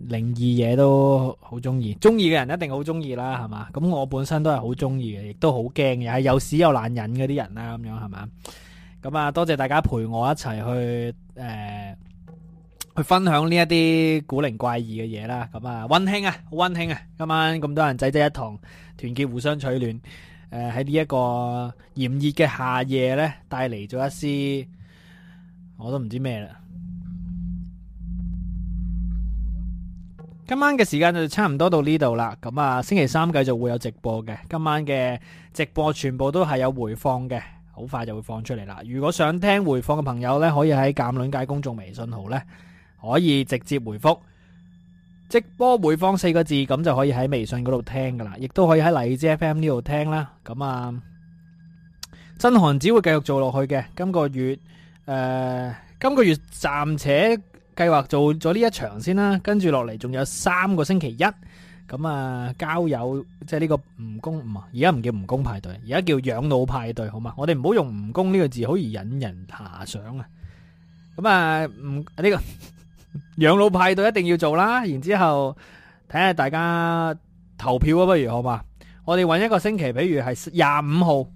靈異嘢都好中意，中意嘅人一定好中意啦，係嘛？咁我本身都係好中意嘅，亦都好驚，嘅，係又有屎又懶嗰啲人啦，咁樣係嘛。咁啊，多謝大家陪我一齊去誒、呃，去分享呢一啲古靈怪異嘅嘢啦。咁啊，溫馨啊，好溫馨啊！今晚咁多人仔仔一堂，團結互相取暖。誒、呃，喺呢一個炎熱嘅夏夜咧，帶嚟咗一絲，我都唔知咩啦。今晚嘅時間就差唔多到呢度啦。咁啊，星期三繼續會有直播嘅。今晚嘅直播全部都係有回放嘅。好快就會放出嚟啦。如果想聽回放嘅朋友呢，可以喺鑒卵界公眾微信號呢，可以直接回覆直播回放四個字，咁就可以喺微信嗰度聽噶啦。亦都可以喺荔枝 F M 呢度聽啦。咁啊，真寒子會繼續做落去嘅。今個月誒、呃，今個月暫且計劃做咗呢一場先啦、啊。跟住落嚟仲有三個星期一。咁啊、嗯，交友即係呢個蜈蚣，唔而家唔叫蜈蚣派對，而家叫養老派對，好嘛？我哋唔好用「蜈蚣」呢個字，好易引人遐想啊！咁、嗯、啊，唔、嗯、呢、嗯這個養 老派對一定要做啦，然之後睇下大家投票啊，不如好嘛？我哋搵一個星期，比如係廿五號，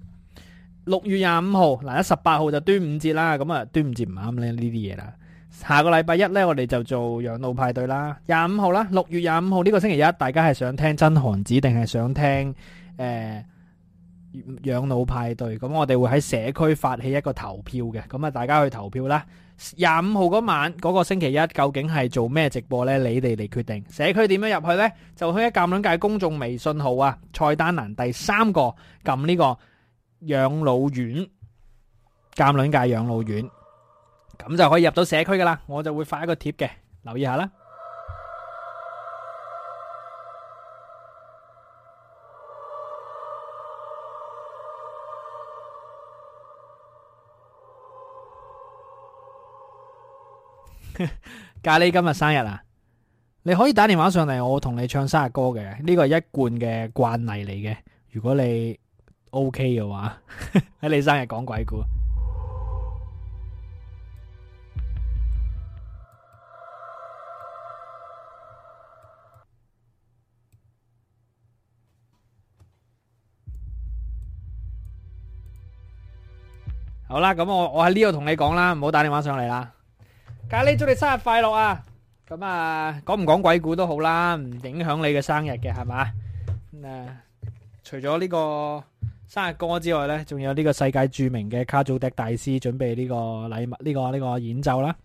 六月廿五號，嗱，一十八號就端午節啦，咁啊，端午節唔啱你呢啲嘢啦。下個禮拜一呢，我哋就做養老派對啦，廿五號啦，六月廿五號呢、這個星期一，大家係想聽真寒子定係想聽誒、呃、養老派對？咁、嗯、我哋會喺社區發起一個投票嘅，咁、嗯、啊，大家去投票啦。廿五號嗰晚嗰、那個星期一，究竟係做咩直播呢？你哋嚟決定。社區點樣入去呢？就去一監卵界公眾微信號啊，菜單欄第三個，撳呢、這個養老院，監卵界養老院。咁就可以入到社區㗎喇，我就會發一個貼嘅，留意下啦。咖喱今日生日啊！你可以打電話上嚟，我同你唱生日歌嘅，呢個係一貫嘅慣例嚟嘅。如果你 OK 嘅話，喺你生日講鬼故。好啦，咁我我喺呢度同你講啦，唔好打電話上嚟啦。咖喱祝你生日快樂啊！咁啊，講唔講鬼故都好啦，唔影響你嘅生日嘅，係嘛？誒、嗯呃，除咗呢個生日歌之外咧，仲有呢個世界著名嘅卡祖笛大師準備呢個禮物，呢、這個呢、這個演奏啦。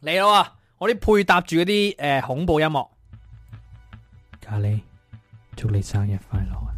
嚟啦、啊！我啲配搭住嗰啲誒恐怖音樂。咖喱祝你生日快樂。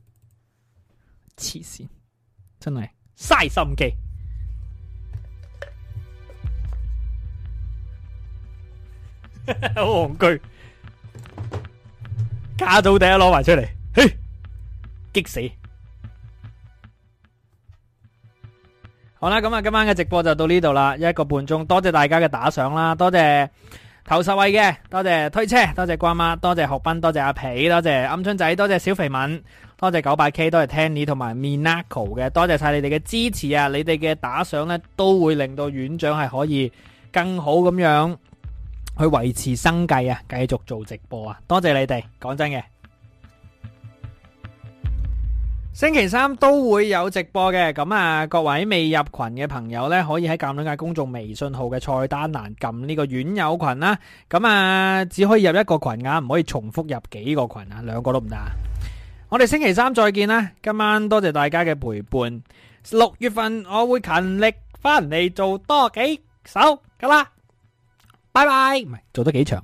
黐線真係嘥心機，好戇居，卡早第一攞埋出嚟，嘿，激死！好啦，咁啊，今晚嘅直播就到呢度啦，一個半鐘，多謝大家嘅打賞啦，多謝頭十位嘅，多謝推車，多謝瓜媽，多謝學斌，多謝阿皮，多謝鵪鶉仔，多謝小肥敏。多謝九百 K，多謝 Tanny 同埋 Minako 嘅，多謝晒你哋嘅支持啊！你哋嘅打賞咧，都會令到院長係可以更好咁樣去維持生計啊，繼續做直播啊！多謝你哋，講真嘅，星期三都會有直播嘅。咁啊，各位未入群嘅朋友咧，可以喺鑑賞界公眾微信號嘅菜單欄撳呢個院友群啦。咁啊，只可以入一個群啊，唔可以重複入幾個群啊，兩個都唔得。我哋星期三再見啦！今晚多謝大家嘅陪伴。六月份我會勤力返嚟做多幾首噶啦，拜拜！唔係做多幾場。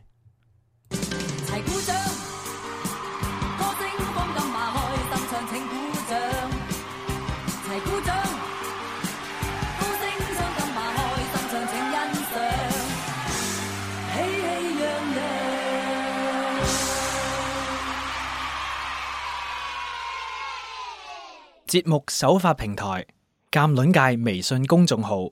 節目首發平台：鑒撚界微信公眾號。